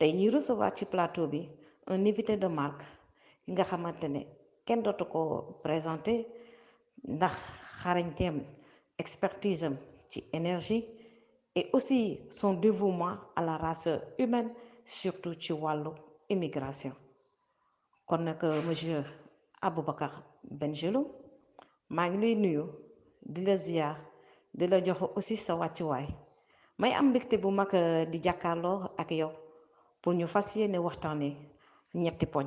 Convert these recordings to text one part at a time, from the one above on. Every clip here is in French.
tey ñuy recevoir ci plateau bi un invité de marque ki nga xamante ne kenn dootu ko présenté ndax xarañteem expertise am ci énergie et aussi son dévouement à la race humaine surtout ci wàllu immigration kon nag euh, monsieur Aboubacar Bengelloune maa ngi lay nuyu di la ziar di la jox aussi sa wàccuwaay may am mbégte bu mag euh, di jàkkaarloo ak yow pour nous fas yéene waxtaanee ñetti poñ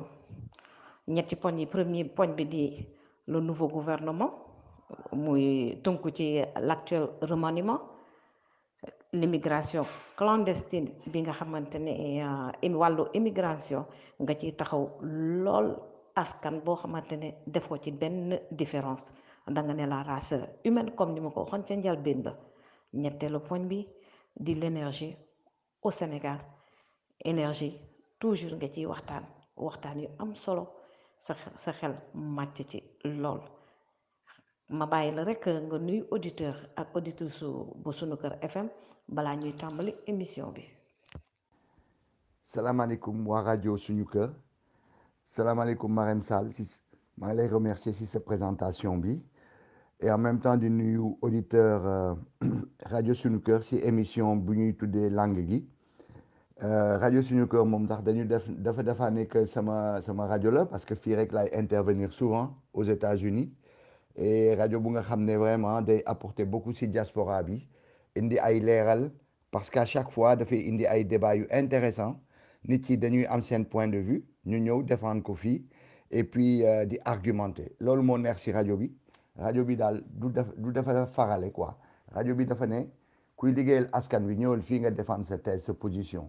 ñetti poñ yi premier poñ bi di le nouveau gouvernement muy tonku ci l'actuel remaniement l'immigration clandestine bi nga xamante ne euh, walu immigration nga ci taxaw lol, askan bo xamante ne defoo ci ben différence da nga ne la race humaine comme ni ma ko waxoon ca njëlbéen ba ñetteelu poñ bi di l'énergie au Sénégal énergie toujours nga ci waxtaan waxtaan yu am solo sa sa xel ma auditeur ak FM ñuy émission bi. wa Sall remercier si présentation et en même temps di auditeur euh, Radio suñu si émission bu ñuy langue euh, radio suñu kër mom ndax dañu def dafa dafa nek sama sama radio la parce que fii rek intervenir souvent aux États-Unis et Radio bu nga xamné vraiment day apporter beaucoup si diaspora bi indi ay leeral parce qu'à chaque fois fait indi ay débat yu intéressant nit yi dañuy am point de vue ñu ñëw défendre ko fi et puis euh, di argumenter lolou moo neex si Radio bi radio bi dal du def du dafa faralé quoi Radio bi dafa né kuy liggéeyal askan wi ñëwal fii nga défendre sa thèse sa position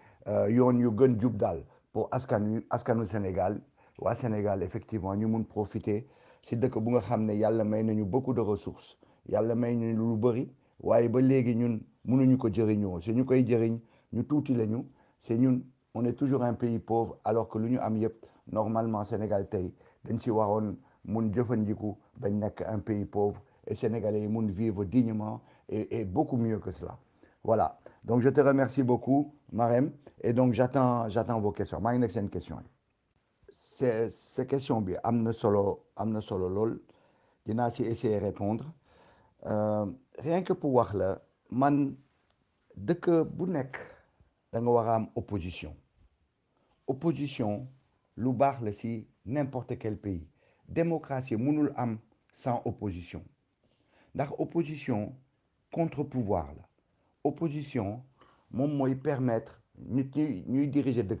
Euh, yoon yu gën jub daal pour askan askanu Sénégal waa Sénégal effectivement ñu mun profiter si dëkk bu nga xam ne yàlla may nañu beaucoup de ressources yàlla may nañu lu bëri waaye ba léegi ñun mënuñu ko jëriñoo si ñu koy jëriñ ñu tuuti lañu c'est ñun on est toujours un pays pauvre alors que lu ñu am yëpp normalement Sénégal tey dañ si waroon mun jëfandiku bañ nekk un pays pauvre et Sénégalais yi mun vivre dignement et et beaucoup mieux que cela voilà donc je te remercie beaucoup. Marem, et donc j'attends j'attends vos questions. maa c'est une question C'est c'est question bien. je solo de solo répondre euh, rien que pour voir, man De que nekk da opposition opposition lu si n'importe quel pays démocratie mënul am sans opposition ndax opposition contre pouvoir opposition nous moy permettre nit ñi diriger de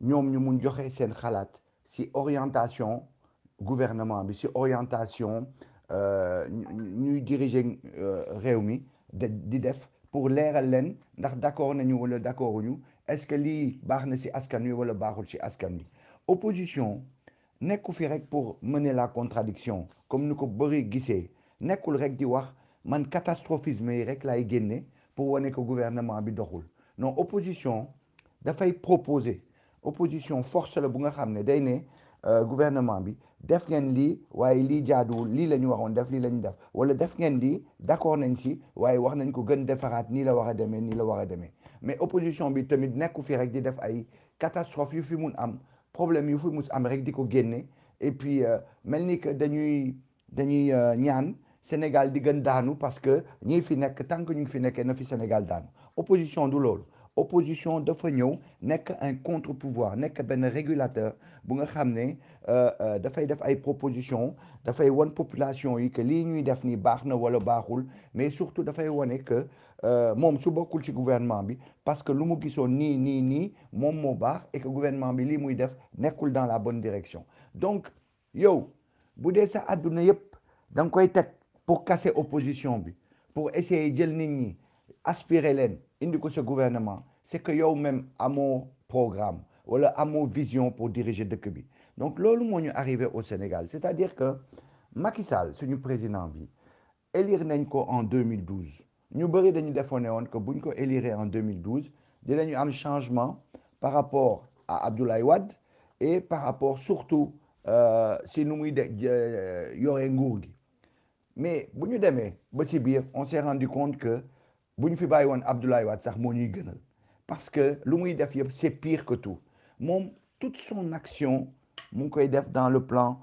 ñu xalaat ci orientation gouvernement bi ci orientation euh, ñuy diriger euh, di pour l'air d'accord nañu wala est-ce que li d'accord ci askan wala opposition fi pour mener la contradiction comme nous ko rek di wax man catastrophisme rek pour wane ko gouvernement bi doxul non opposition dafay proposer opposition force le bu nga xam ne day ne euh, gouvernement bi def ngeen lii waaye li jaaduwul lii la ñu waroon def lii la ñu def wala def ngeen lii d'accord nañ ci waaye wax nañ ko gën defaraat nii la war a demee la war a mais opposition bi tamit nekku fi rek di def ay catastrophe yu fi mun am problème yu fi mus am rek di ko génne et puis euh, mel ni que dañuy dañuy euh, ñaan Sénégal di gën parce que ñi fi nek tant que ñu fi nekkee na fi Sénégal daanu opposition du loolu opposition dafa ñëw nekk un contre-pouvoir nekk ben régulateur bu nga euh ne euh, dafay def ay proposition dafay won population yi que li ñuy def ni baxna wala baxul mais surtout dafay woné que euh, mom su bokul ci gouvernement bi parce que lu mu gisoon ni ni ni moom moo et que gouvernement bi li muy def nekkul dans la bonne direction donc yow bu dé sa aduna yépp dang koy teg pour casser l'opposition, pour essayer de ce aspirer l'aide, ce gouvernement c'est que yow même un programme wala mon vision pour diriger le bi donc là, nous sommes arrivés au Sénégal c'est-à-dire que Macky Sall nouveau président a élire en 2012 Nous avons dañu que élire en 2012 avons changement par rapport à Abdoulaye Wade et par rapport surtout à euh, nous de euh, mais bon ñu ba biir on s'est rendu compte que bu ñu fi bàyyi woon Abdoulaye Wade sax moo ñuy gënal parce que lu muy def c'est pire que tout Mon toute son action mon dans le plan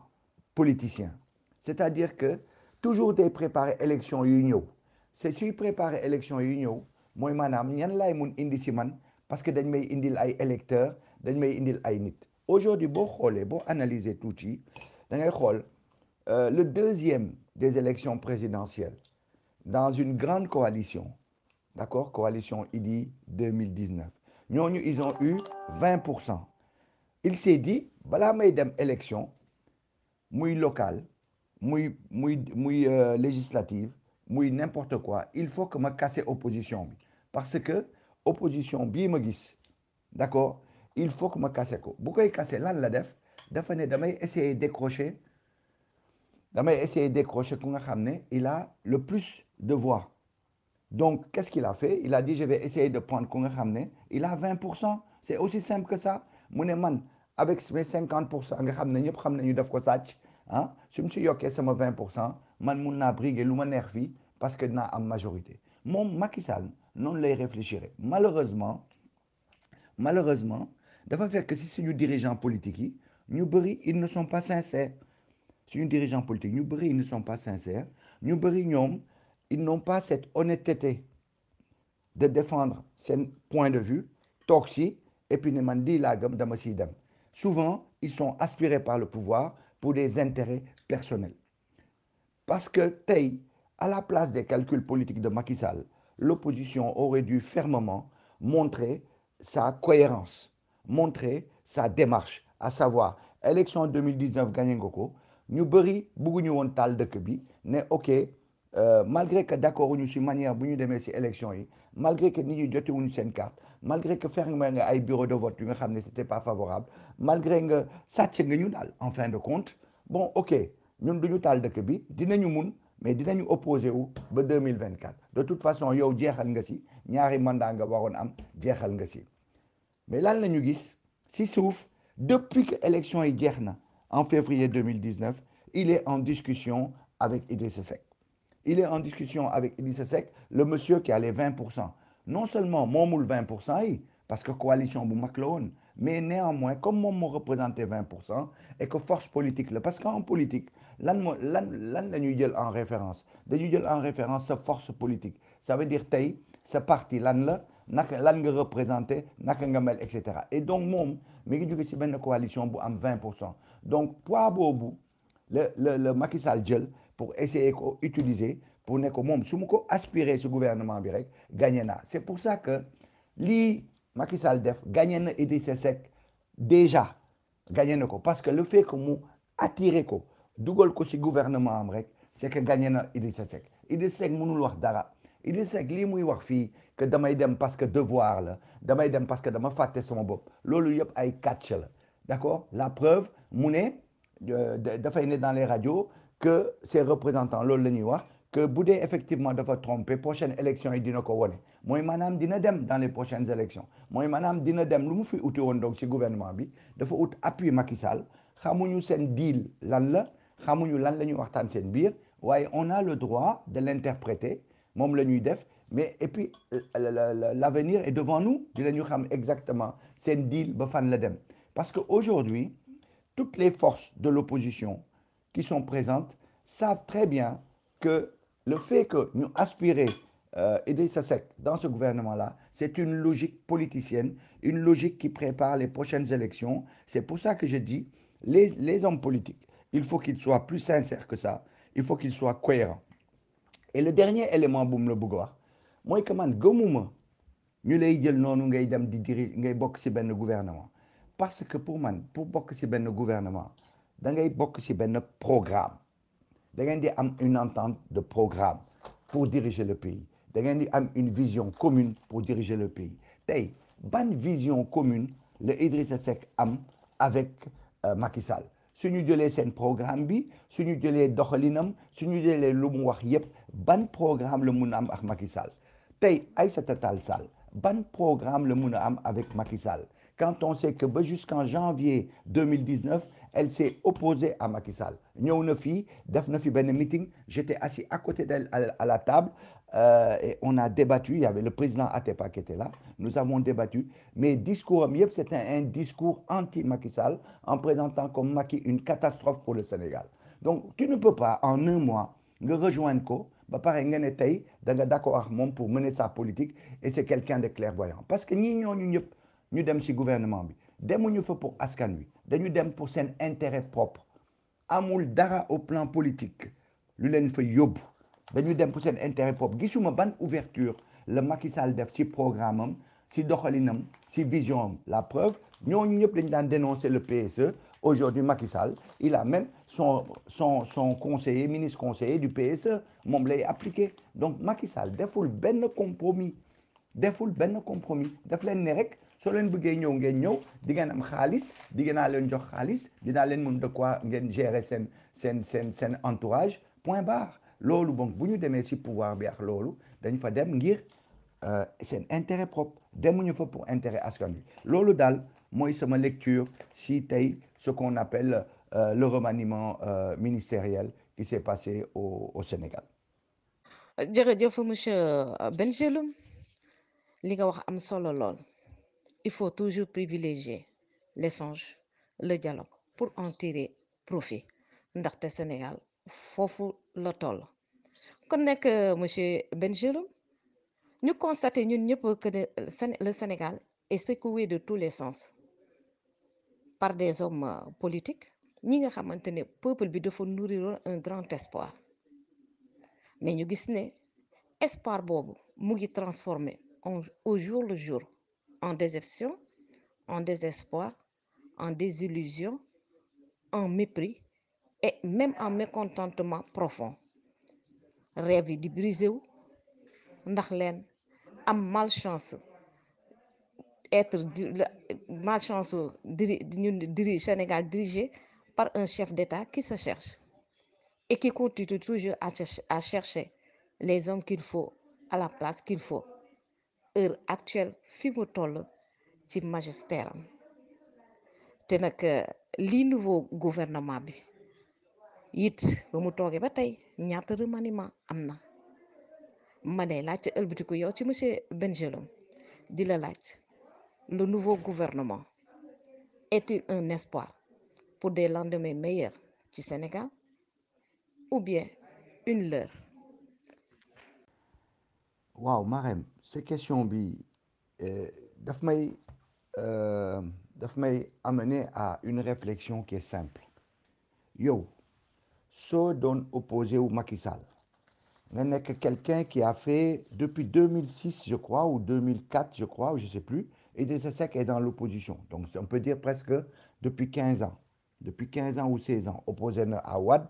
politicien c'est-à-dire que toujours de préparer élection union, c'est si préparer élection union. moi, mooy maanaam ñan pas mun indi man parce que dañ may indil ay électeurs dañ may indil ay nit aujourd'hui bon xoolee boo analyser tuuti da ngay xool euh, le deuxième des élections présidentielles dans une grande coalition, d'accord, coalition IDI 2019. ils ont eu 20 il s'est dit voilà may dem élection muy locale muy euh, législative muy n'importe quoi il faut que me casser opposition parce que opposition bi ma d'accord il faut que me casser ko bu koy casser la def décrocher essayé de décrocher il a le plus de voix donc qu'est-ce qu'il a fait il a dit je vais essayer de prendre ku nga il a 20 c'est aussi simple que ça avec mes 50 je cent nga Je ne ñëpp je ñu def ko c'est 20 je man mun briguer parce que n'a am majorité Mon Macky Sall les lay Malheureusement, malheureusement malheureusement fait que si suñu dirigeants politiques ils ne sont pas sincères si dirigeants politiques politique, ils ne sont pas sincères Nous ils n'ont pas cette honnêteté de défendre ces points de vue toxiques. et puis ne souvent ils sont aspirés par le pouvoir pour des intérêts personnels parce que à la place des calculs politiques de Macky Sall l'opposition aurait dû fermement montrer sa cohérence montrer sa démarche à savoir élection 2019 gagné nous bëri bëgguñu won tal de bi ok euh, malgré que d'accord ñu manière bu élection malgré que nous carte malgré que nga bureau de vote nga pas favorable malgré que nga en fin de compte bon ok ñun bi dinañu mais dinañu opposé wu 2024 de toute façon yow nga ñaari mandat nga am nga mais si depuis que élection yi en février 2019, il est en discussion avec Idriss Il est en discussion avec Idriss le monsieur qui a les 20%. Non seulement mon moule 20%, parce que coalition mais néanmoins, comme mon représente représentait 20%, et que force politique, parce qu'en politique, lan en référence, dañuy en référence sa force politique. Ça veut dire tay, sa parti là, la, a etc. Et donc moi, je suis dans coalition bu a 20% donc poids boobu le le, la Macky Sall jël pour essayer ko utiliser pour ne ko si su ma ko aspirer ce gouvernement bi rek c'est pour ça que li Macky Sall def gagner na Idrissa Seck déjà gagner ko parce que le fait que mu attirer ko dougal ko si gouvernement am rek c' que gagner na Idrissa Seck Idrissa Seck mënul wax dara Idrissa Seck li muy wax fi que damay dem parce que devoir la damay dem parce que dama faté sama bob. Lolou yop ay catch la D'accord? la preuve mu ne euh, dafay né dans les radios que ses représentants l'ol que Boudé, effectivement effectivement dafa trompé prochaine élection et dina ko wone mooy maanaam dina dem dans les prochaines élections moi maanaam dina dem lu fi uti donc ce gouvernement bi dafa ut appui Macky Sall xamuñu sen deal lan la xamuñu lan la ñuy sen bir, biir on a le droit de l'interpréter mom le def mais et puis euh, l'avenir est devant nous dinañu xam exactement sen deal ba fan la dem parce que aujourd'hui toutes les forces de l'opposition qui sont présentes savent très bien que le fait que nous aspirer euh, aider Idrissa Seck dans ce gouvernement-là, c'est une logique politicienne, une logique qui prépare les prochaines élections. C'est pour ça que je dis, les, les hommes politiques, il faut qu'ils soient plus sincères que ça, il faut qu'ils soient cohérents. Et le dernier élément Boum Le la Moi, wax que nous avons ñu lay jël noonu ngay dem di gouvernement parce que pour moi, pour gouvernement programme une entente de programme pour diriger le pays da faut une vision commune pour diriger le pays Et ban vision commune le Idriss Seck avec Macky Sall Si nous avons un programme bi nous devons doxalinam si nous programme am Macky Sall programme avec Macky Sall quand on sait que jusqu'en janvier 2019 elle s'est opposée à Macky Sall ñëw na meeting j'étais assis à côté d'elle à la table euh, et on a débattu il y avait le président Atepa qui était là nous avons débattu mais discours am c'était un discours anti Macky Sall en présentant comme Macky une catastrophe pour le Sénégal donc tu ne peux pas en un mois le rejoindre ko ba par d'accord pour mener sa politique et c'est quelqu'un de clairvoyant parce que ñii nous dem ci gouvernement bi demuñu fa pour askan wi dañu dem pour seen intérêt propre amul dara au plan politique lu leen fa yóbbu dañu dem pour seen intérêt propre gisuma ban ouverture le Macky Sall def ci programme am ci doxalinam vision la preuve Nous, ñëpp dénoncé daan dénoncer le PSE aujourd'hui Macky Sall il a même son son conseiller ministre conseiller du PSE m'a lay appliqué donc Macky Sall deful bon compromis deful bon compromis daf fait un rek So, ñëw ngeen di am di jox gérer entourage point barre loolu bon pouvoir bi ak dañ euh, intérêt propre demuñu fa pour intérêt sama lecture si ce qu'on appelle euh, le remaniement euh, ministériel qui s'est passé au au Sénégal. monsieur li nga wax am il faut toujours privilégier l'échange le dialogue pour en tirer profit le Sénégal le la toll kon nekk euh, monsieur nous ñu constaté ñun que euh, le Sénégal est secoué de tous les sens par des hommes euh, politiques Nous nga maintenu le peuple bi nourrir nourrir un grand espoir mais nous disons, que espoir est transformé au jour le jour en déception, en désespoir, en désillusion, en mépris et même en mécontentement profond. rêve de briser ou wu malchance être malchance Sénégal dirigé par un chef d'État qui se cherche et qui continue toujours à chercher les hommes qu'il faut à la place qu'il faut heure actuelle fi mu toll ci magistèream te euh, nouveau gouvernement bi it ba mu toogee ba tey ñaata remaniement am na ma ne laajte yow ci monsieur di la laaj le nouveau gouvernement est-il un espoir pour des lendemains meilleurs ci Sénégal ou bien une leur waaw Marème ces questions bi euh, euh, daf may amener à une réflexion qui est simple yo so donne opposé au Macky Sall a que quelqu'un qui a fait depuis 2006 je crois ou 2004 je crois ou je sais plus et Idrissa qu'il est dans l'opposition donc on peut dire presque depuis 15 ans depuis 15 ans ou 16 ans opposé à Ouad,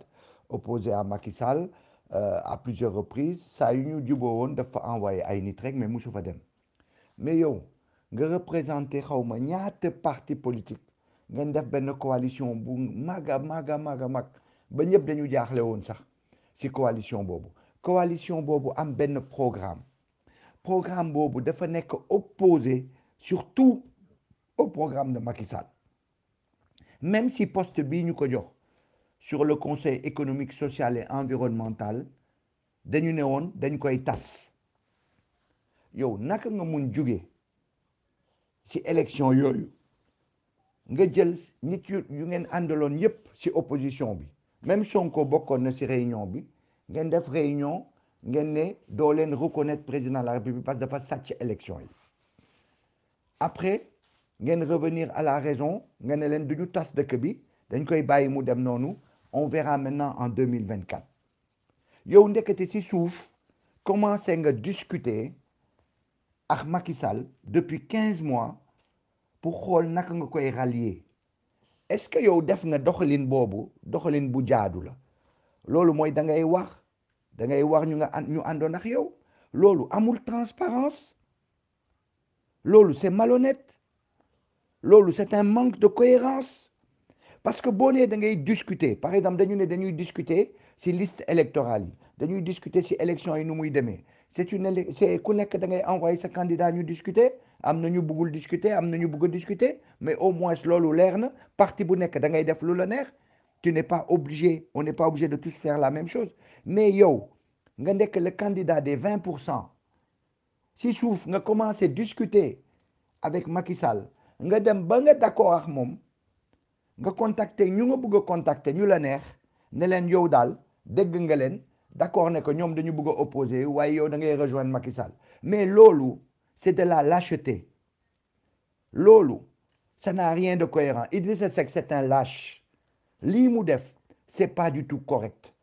opposé à Macky Sall euh, à plusieurs reprises Ça yu ñu juboo dafa envoyer ay nit rek mais mosu fa dem mais yow nga représenté xawma ma ñaata parti politique ngeen def une coalition bu maga maga maga mag ba ñëpp dañu jaxlé won sax ci coalition bobu coalition bobu am ben programme programme bobu dafa nek opposé surtout au programme de Macky Sall même si poste bi ñu ko jox sur le conseil économique social et environnemental dañu avons koy yow élection yoyu nga jël nit yu yépp opposition bi même Sonko ci réunion bi réunion reconnaître président de la république parce de élection après revenir à la raison leen on verra maintenant en 2024. yow ndekete si suuf commencé nga discuter ak Macky Sall depuis 15 mois pour que naka nga koy rallier est-ce que yow def nga doxalin bobu, doxalin bu jaadu la Lolu moy da ngay wax da ngay wax ñu nga ñu àndoon ak yow Lolu amul transparence Lolu c'est malhonnête Lolu c'est un manque de cohérence parce que boo nee da ngay discuter par exemple dañu ne dañuy discuter si liste électorale dañuy discuter si élection yi nous muy c'est une c'est ku nekk da ngay envoyer sa candidat ñu discuter am nous ñu bëggul discuter am nous ñu bëgg discuter mais au moins loolu leer na parti bu que da ngay def tu n'es pas obligé on n'est pas obligé de tous faire la même chose mais yo, nga que le candidat des 20 si si suuf nga discuter avec Macky Sall nga dem ba d'accord ak moom nga contacter ñu nga bëgg contacter ñu la neex ne leen yow daal dégg nga leen d'accord ne que ñoom dañu bëgg a opposer yow da ngay rejoindre Macky Sall mais loolu c'est de la lâcheté loolu ça n'a rien de cohérent Idrissa Seck c'est un lâche lii mu c'est pas du tout correct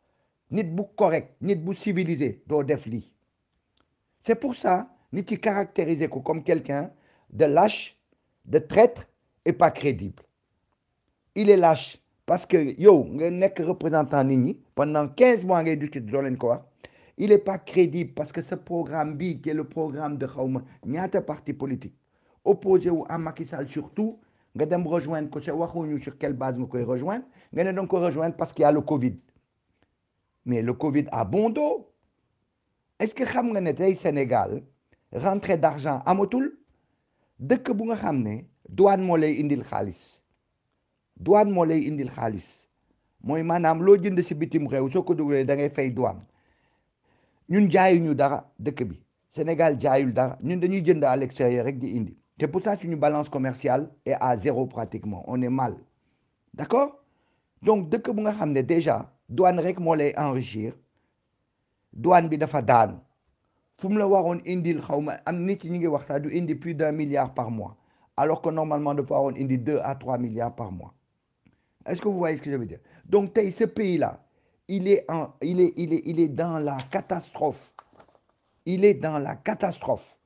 nit bu correct nit bu civilisé doo def lii c'est pour ça nit yi caractériser ko comme quelqu'un de lâche de traître et pas crédible il est lâche parce que yo n'est que représentant nini pendant 15 mois il n'est pas crédible parce que ce programme bi qui est le programme de pas de parti politique opposé ou à Macky Sall surtout nga dem rejoindre ko sa sur quelle base nga koy rejoindre nga ne donc rejoindre parce qu'il y a le Covid mais le Covid a bon dos est-ce que xam nga que tay Sénégal rentrée d'argent amatul dëkk bu nga xamné ne douane mo lay indil khalis douane moo lay indil khalis moy manam lo jënd ci bitim réew soko ko dugalee da ngay fay douane ñun ñu dara dëkk bi Sénégal jaayul dara ñun dañuy jënd à l'extérieur rek di indi té pour ça suñu balance commerciale est à zéro pratiquement on est mal d'accord donc dëkk bu nga xamné déjà douane rek moo lay enrichir douane bi dafa daan fum la waroon indil xawma am nit ñi ngi wax du indi plus d'un milliard par mois alors que normalement dafa avoir indi 2 à 3 milliards par mois est-ce que vous voyez ce que je veux dire Donc, ce pays-là, il est, il, est, il, est, il est dans la catastrophe. Il est dans la catastrophe.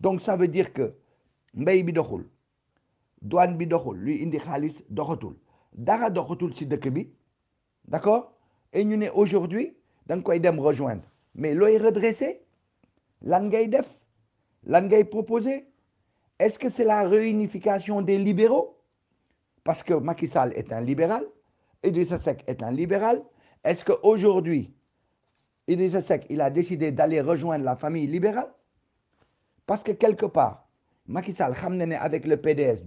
Donc, ça veut dire que Mbey il doxul douane bi doxul luy indi Il est dara de si d'accord et nous sommes aujourd'hui dans quoi koy rejoindre mais l'eau est lan ngay def lan ngay est-ce que c'est la réunification des libéraux parce que Macky Sall est un libéral, Idrissa Seck est un libéral, est-ce qu'aujourd'hui, Idrissa Seck, il a décidé d'aller rejoindre la famille libérale Parce que quelque part, Macky Sall, avec le PDS,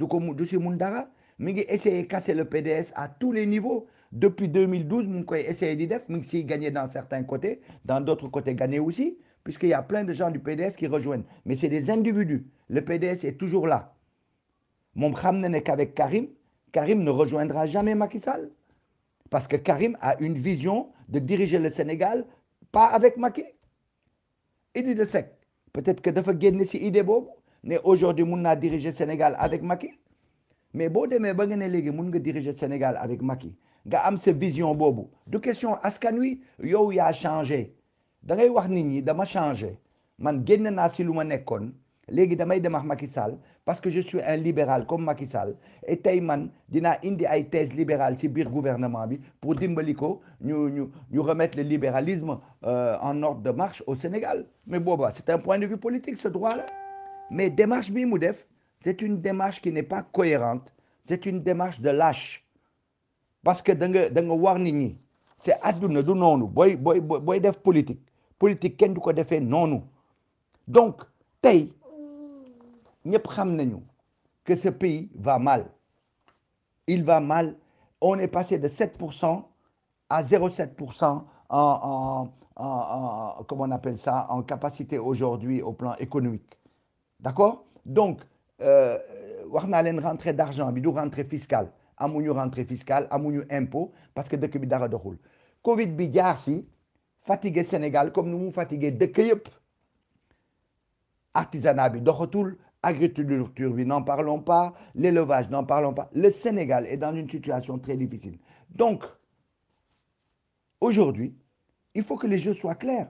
Mundara, il a essayé de casser le PDS à tous les niveaux. Depuis 2012, il a essayé d'y faire, s'il gagné dans certains côtés, dans d'autres côtés gagné aussi, puisqu'il y a plein de gens du PDS qui rejoignent. Mais c'est des individus. Le PDS est toujours là. Mon qu'avec Karim, Karim ne rejoindra jamais Macky Sall. Parce que Karim a une vision de diriger le Sénégal, pas avec Macky. de sec. peut-être que dafa génn si idée boobu ne aujourd'hui mun le diriger Sénégal avec Macky mais boo demee ba nga ne léegi mun nga diriger Sénégal avec Macky nga am cette vision boobu est, question ce que yow as changé da ngay wax que tu dama changé man génn na si lu ma nekkoon damay dem Macky Sall parce que je suis un libéral comme Macky Sall et Taïman, il y indi ay thèse libérale ci le gouvernement bi pour dimbaliko que ñu ñu remettre le libéralisme euh, en ordre de marche au Sénégal mais bon, c'est un point de vue politique ce droit-là mais démarche bi def c'est une démarche qui n'est pas cohérente c'est une démarche de lâche parce que da nga da nga war nit ñi c'est aduna du de boy boy une def politique politique kenn du ko de donc Taïman, nous savons que ce pays va mal il va mal on est passé de 7 à 0,7 en on appelle ça en capacité aujourd'hui au plan économique d'accord donc on a une rentrée d'argent une une rentrée fiscale une rentrée fiscale une impôt parce que de bi dara doxul Covid bi si fatigué Sénégal comme nous fatigué de yëpp artisanat bi agriculture, n'en parlons pas, l'élevage, n'en parlons pas. Le Sénégal est dans une situation très difficile. Donc, aujourd'hui, il faut que les jeux soient clairs.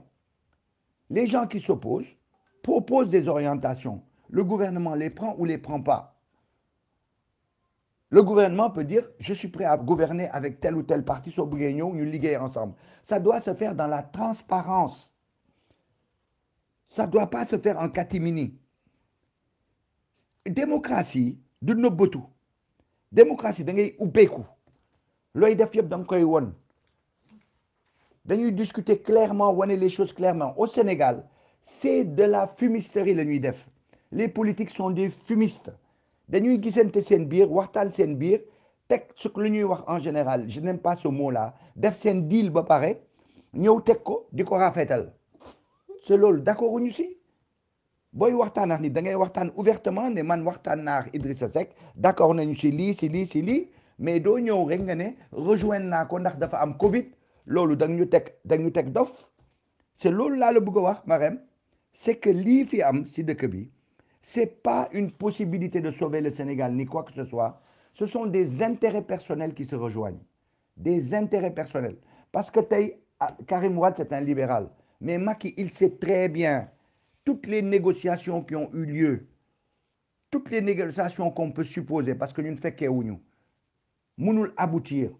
Les gens qui s'opposent proposent des orientations. Le gouvernement les prend ou les prend pas. Le gouvernement peut dire je suis prêt à gouverner avec tel ou tel parti soit Bouguignon, nous liguer ensemble. Ça doit se faire dans la transparence. Ça ne doit pas se faire en catimini démocratie du nëbbatu démocratie da ngay ubbeeku loy def yeb dang koy won dañuy discuter clairement wane les choses clairement au Sénégal c'est de la fumisterie la nuit def les politiques sont des fumistes dañuy gisante s'en biir waxtan sen biir tek ce que ñuy wax en général je n'aime pas ce mot là def sen deal ba paré ñew tek ko diko rafetal c'est loolu d'accord ñu si boy waxtaan ak nit da ngay waxtaan ouvertement ne man waxtaan naa Idrissa Seck d'accord nañu si lii si lii si lii mais doo ñëw rek nga ne rejoindre naa ko ndax dafa am Covid loolu da ñu teg da ñu dof c'est loolu laa la bëgg a wax Marème c'est que lii fi am si dëkk bi c'est pas une possibilité de sauver le Sénégal ni quoi que ce soit ce sont des intérêts personnels qui se rejoignent des intérêts personnels parce que tey ah, Karim Wade c'est un libéral mais Macky il sait très bien toutes les négociations qui ont eu lieu, toutes les négociations qu'on peut supposer, parce que nous ne faisons qu'un, nous aboutir.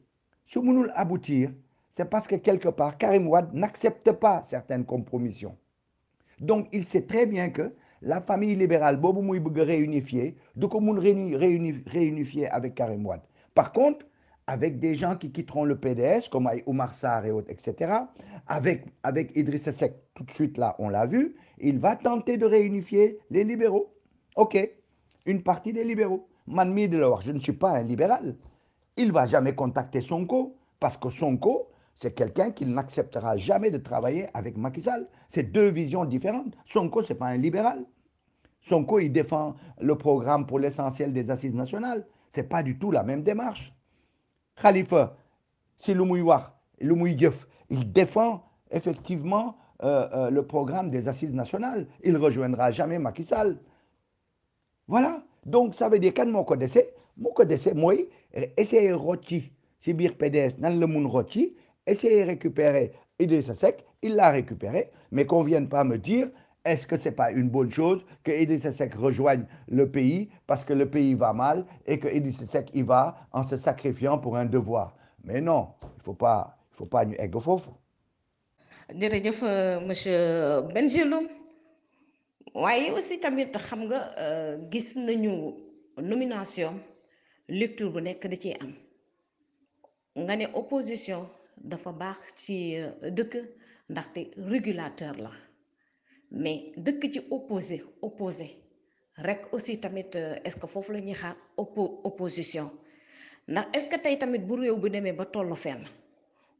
Si nous aboutir, c'est parce que quelque part, Karim Wad n'accepte pas certaines compromissions. Donc, il sait très bien que la famille libérale, Bobo réunifié réunifiée, donc on réunifier avec Karim Wad. Par contre, avec des gens qui quitteront le PDS, comme Oumar Sarr et autres, etc., avec, avec Idriss Seck, tout de suite là, on l'a vu, il va tenter de réunifier les libéraux. Ok, une partie des libéraux. Manmi Delawar, je ne suis pas un libéral. Il va jamais contacter Sonko parce que Sonko, c'est quelqu'un qui n'acceptera jamais de travailler avec Macky Sall. C'est deux visions différentes. Sonko, c'est pas un libéral. Sonko, il défend le programme pour l'essentiel des assises nationales. C'est pas du tout la même démarche. Khalifa, c'est le Loumouidiouf, il défend effectivement euh, euh, le programme des assises nationales. Il ne rejoindra jamais Macky Voilà. Donc, ça veut dire que mon connaissez, mon Dessé, moi, essayez roti, sibir PDS, nan le moun rôti, essayez récupérer Idrissa Seck, il l'a récupéré, mais qu'on vienne pas me dire, est-ce que c'est pas une bonne chose que Idrissa rejoigne le pays parce que le pays va mal et que Idrissa y va en se sacrifiant pour un devoir Mais non, il faut pas, il faut pas nous jërëjëf euh, monsieur Bengeloum waaye aussi tamit xam nga euh, gis nañu nomination lecture bu nekk da ciy am nga ne opposition dafa baax ci euh, dëkk ndaxte régulateur la mais dëkk ci opposé opposé rek aussi tamit est-ce que foofu la ñuy xaar oppo opposition ndax est-ce que tey tamit bu réew bi demee ba tollu fenn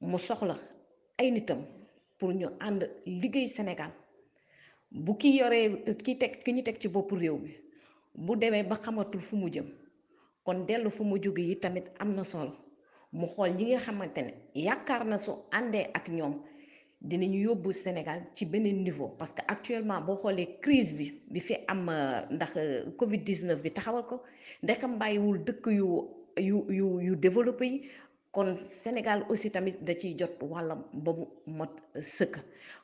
mu soxla ay nitam pour ñu ànd liggéey Sénégal bu ki yoree ki teg ki ñu teg ci bopp réew bi bu demee ba xamatul fu mu jëm kon dellu fu mu jóge yi tamit am na solo mu xool ñi nga xamante ne yaakaar na su àndee ak ñoom dinañu yóbbu Sénégal ci beneen niveau parce que actuellement boo xoolee crise bi bi fi am euh, ndax euh, Covid 19 bi taxawal ko ndekam bàyyiwul dëkk yu yu yu yu développé yi kon Sénégal aussi tamit da ciy jot wàllam ba mu mot euh, sëkk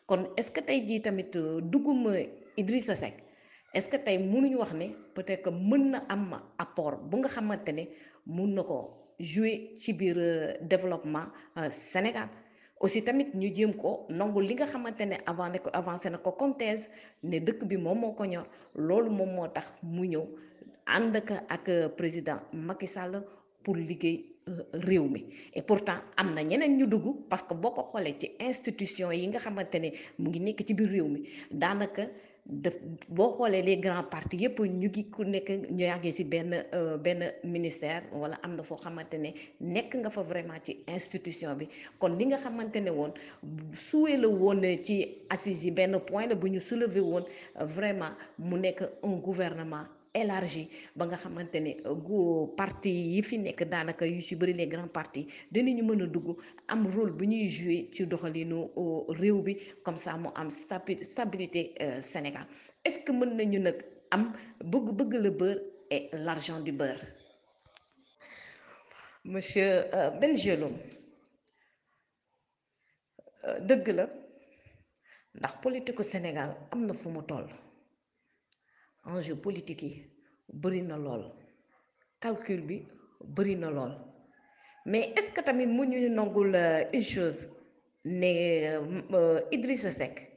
kon est-ce que tey jii tamit euh, dugum euh, sa Seck est-ce que tey mënuñu wax ne peut-être que mën na am apport bu nga xamante ne mun na ko jouer ci biir développement Sénégal aussi tamit ñu jéem ko nangu li nga xamante ne avant ne ko avancé na ko comtèse ne dëkk bi moom moo ko ñor loolu moom moo tax mu ñëw ànd ak président Macky pour liggéey réew mi et pourtant am na ñeneen ñu dugg parce que boo ko xoolee ci institution yi nga xamante ne mu ngi nekk ci biir réew mi daanaka def boo xoolee les grands partis yépp ñu ngi ku nekk ñu yàggee ci benn euh, benn ministère wala am na foo xamante ne nekk nga fa vraiment ci institution bi kon li nga xamante ne woon suwee la woon ci assise yi benn point la bu ñu soulever woon vraiment mu nekk un gouvernement élargi ba nga xamante ne euh, gu euh, parti yi fi nekk daanaka yu ci bëri les grands partis dinañu mën a dugg am rôle bu ñuy jouer ci doxalinu euh, réew bi comme ça mu am stabilité Sénégal est-ce que mën nañu nag am bëgg bëgg le beurre et l'argent du beurre monsieur benjeloum dëgg la ndax politique Sénégal am na fu mu toll enjeu politique yi bëri na lool calcul bi bëri na mais est-ce que tamit mu ñu nangul euh, une chose ne euh, euh, Idrissa Seck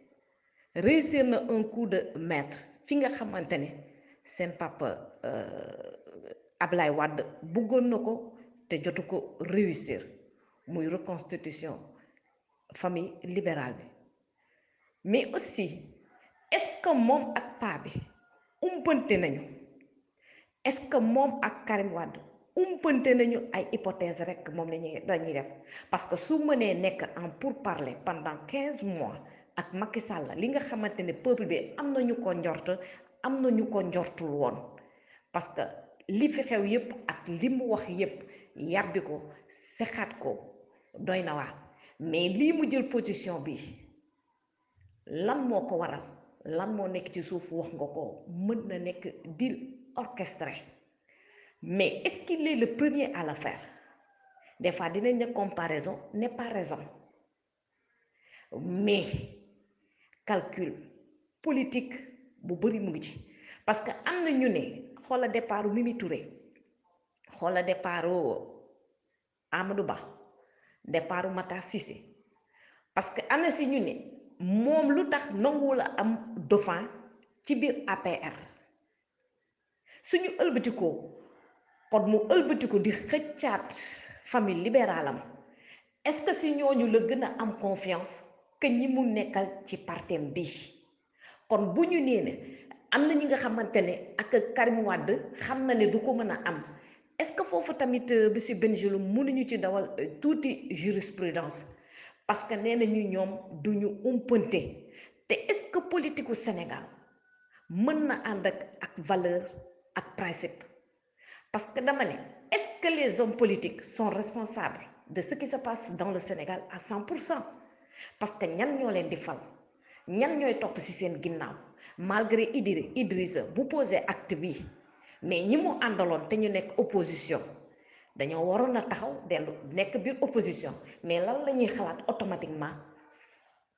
réussir na un coup de maître fi nga xamante ne seen papa Ablaye Wade bëggoon na ko te jotu ko réussir muy reconstitution famille libérale mais aussi est-ce que moom ak paa bi. umpante nañu est-ce que moom ak Karim Wade umpante nañu ay hypothèse rek moom lañuy dañuy def parce que su mënee nekk en pourparlers pendant quinze mois ak Macky Sall li nga xamante ne peuple bi am na ñu ko njort am na ñu ko njortul woon parce que li fi xew yépp ak li mu wax yépp yàbbi ko sexaat ko doy na waar mais lii mu jël position bi lan moo ko waral lan moo nekk ci suuf wax nga ko mën na nekk orchestré mais est-ce qu'il est le premier à la faire des fois dinañ ne comparaison n'est pas raison mais calcul politique bu bëri mu ngi ci parce que am na ñu ne xoola départu Mimi Touré xoola départu Amadou Ba départu mata Cissé parce que am na si ñu ne moom lu tax nanguwul la am dauphin ci biir APR suñu ëlbatikoo kon mu ëlbatiku di xëccaat famille libéralam est-ce que si ñooñu la gën a am confiance que ñi mu nekkal ci partem bi kon bu ñu nee ne am na ñi nga xamante ne ak Karim Wade xam na ne du ko mën a am est-ce que foofu tamit bi euh, monsieur Bengelloune mënuñu ci dawal euh, tuuti jurisprudence parce que nee nañu ñoom duñu ñu umpante te est-ce Sénégal mën na ànd ak ak valeur ak principe parce que dama ne est les hommes politiques sont responsables de ce qui se passe dans le Sénégal à 100 pour parce que ñan ñoo leen di fal ñan ñooy topp si seen ginnaaw malgré Idr Idrissa bu posé acte bi mais ñi mu àndaloon te ñu nekk opposition dañoo waroon a taxaw dellu nekk biir opposition mais lan la ñuy xalaat automatiquement.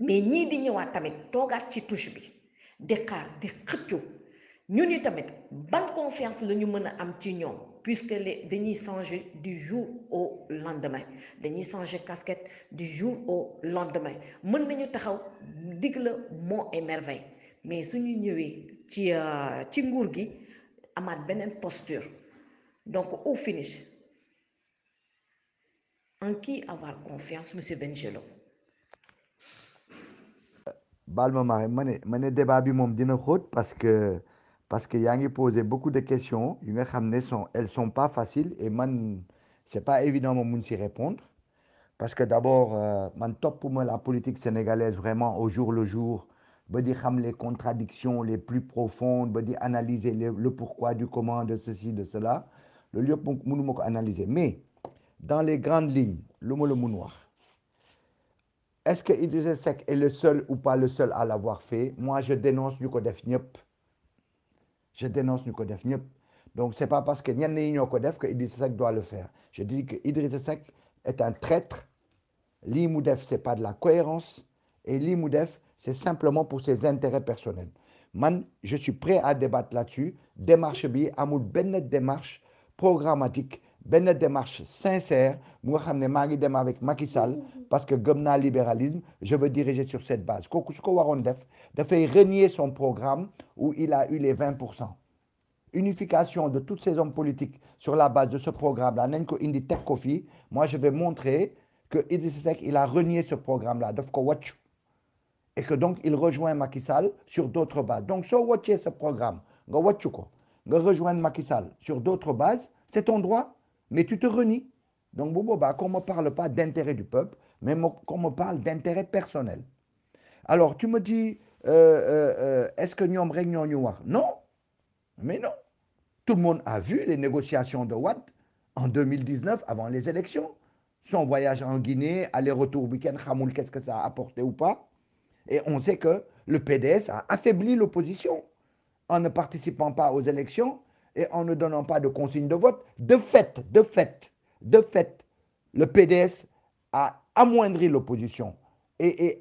mais ni di ñëwaat tamit toogaat ci touche bi di xaar di xëccu ñu ni tamit ban confiance la ñu mën a am ci ñoom puisque les dañuy changer du jour au lendemain dañuy changer casquette du jour au lendemain mën nañu taxaw dig la mot et merveille mais suñu ñëwee ci euh, ci nguur gi amaat beneen posture donc au finish en qui avoir confiance monsieur Benjelo je ma mané débat bi parce que parce que beaucoup de questions Elles ne sont elles sont pas faciles et man c'est pas évident mon mun répondre parce que d'abord top pour moi la politique sénégalaise vraiment au jour le jour ba di xam les contradictions les plus profondes ba di analyser le, pourquoi du comment de ceci de cela lieu lieu mënuma mako analyser mais dans les grandes lignes le mot, le mot noir, est-ce que Idriss Seck est le seul ou pas le seul à l'avoir fait Moi, je dénonce Nukodef Def Je dénonce Nukodef Def Donc, ce n'est pas parce que Nyan Yuko Def que Idriss Seck doit le faire. Je dis que Idriss Seck est un traître. L'IMOUDEF, ce n'est pas de la cohérence. Et l'IMOUDEF, c'est simplement pour ses intérêts personnels. Man, je suis prêt à débattre là-dessus. Démarche bien, Amoud démarche programmatique benn démarche sincère Je nga ne avec Macky Sall mhm. parce que libéralisme je veux diriger sur cette base kooku su ko waroon def renier son programme où il a eu les 20%. unification de tous ces hommes politiques sur la base de ce programme là moi je vais montrer que il a renié ce programme là daf et que donc il rejoint Macky Sall sur d'autres bases donc soo wàccee ce programme nga rejoindre Macky Sall sur d'autres bases c'est ton droit mais tu te renies. Donc, bobo-bobo qu'on ne me parle pas d'intérêt du peuple, mais qu'on me parle d'intérêt personnel. Alors, tu me dis, euh, euh, euh, est-ce que Nyom Réunion Noir Non, mais non. Tout le monde a vu les négociations de Watt en 2019 avant les élections. Son voyage en Guinée, aller-retour week-end, Khamoul, qu'est-ce que ça a apporté ou pas Et on sait que le PDS a affaibli l'opposition en ne participant pas aux élections et en ne donnant pas de consigne de vote, de fait, de fait, de fait, le PDS a amoindri l'opposition. Et,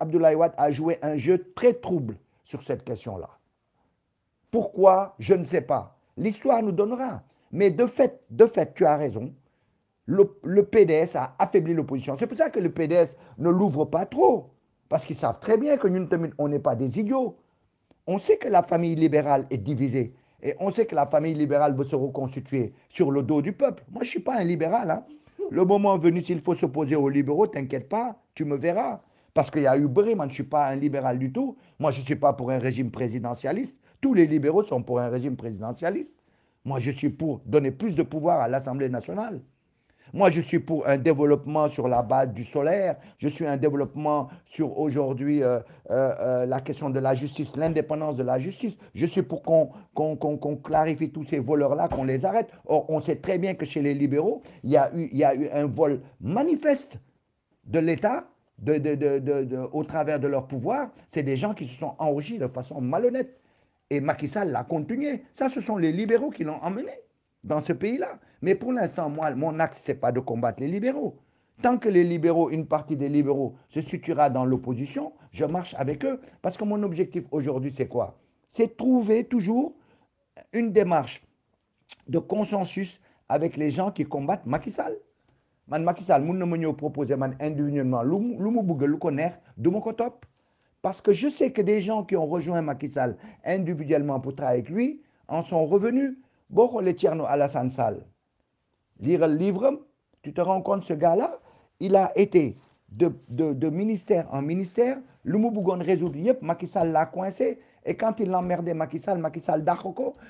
Abdoulaye Wade a joué un jeu très trouble sur cette question-là. Pourquoi Je ne sais pas. L'histoire nous donnera. Mais de fait, de fait, tu as raison. Le, PDS a affaibli l'opposition. C'est pour ça que le PDS ne l'ouvre pas trop. Parce qu'ils savent très bien que nous, on n'est pas des idiots. On sait que la famille libérale est divisée. Et on sait que la famille libérale veut se reconstituer sur le dos du peuple. Moi, je ne suis pas un libéral. Hein. Le moment venu, s'il faut s'opposer aux libéraux, t'inquiète pas, tu me verras. Parce qu'il y a eu moi, je ne suis pas un libéral du tout. Moi, je ne suis pas pour un régime présidentialiste. Tous les libéraux sont pour un régime présidentialiste. Moi, je suis pour donner plus de pouvoir à l'Assemblée nationale. Moi, je suis pour un développement sur la base du solaire. Je suis un développement sur aujourd'hui euh, euh, euh, la question de la justice, l'indépendance de la justice. Je suis pour qu'on clarifie tous ces voleurs-là, qu'on les arrête. Or, on sait très bien que chez les libéraux, il y a eu, il y eu un vol manifeste de l'État de, au travers de leur pouvoir. C'est des gens qui se sont enrichis de façon malhonnête. Et Macky Sall l'a continué. Ça, ce sont les libéraux qui l'ont emmené dans ce pays-là. Mais pour l'instant, moi, mon axe, ce n'est pas de combattre les libéraux. Tant que les libéraux, une partie des libéraux se situera dans l'opposition, je marche avec eux. Parce que mon objectif aujourd'hui, c'est quoi C'est trouver toujours une démarche de consensus avec les gens qui combattent Macky Sall. man Macky Sall proposer man individuellement parce que je sais que des gens qui ont rejoint Macky Sall individuellement pour travailler avec lui en sont revenus boo xoolee Sall lire le livre, tu te rends compte, ce gars-là, il a été de, ministère en ministère, le Moubougon résout yep, Macky l'a coincé, et quand il l'emmerdait Macky Sall, Macky Sall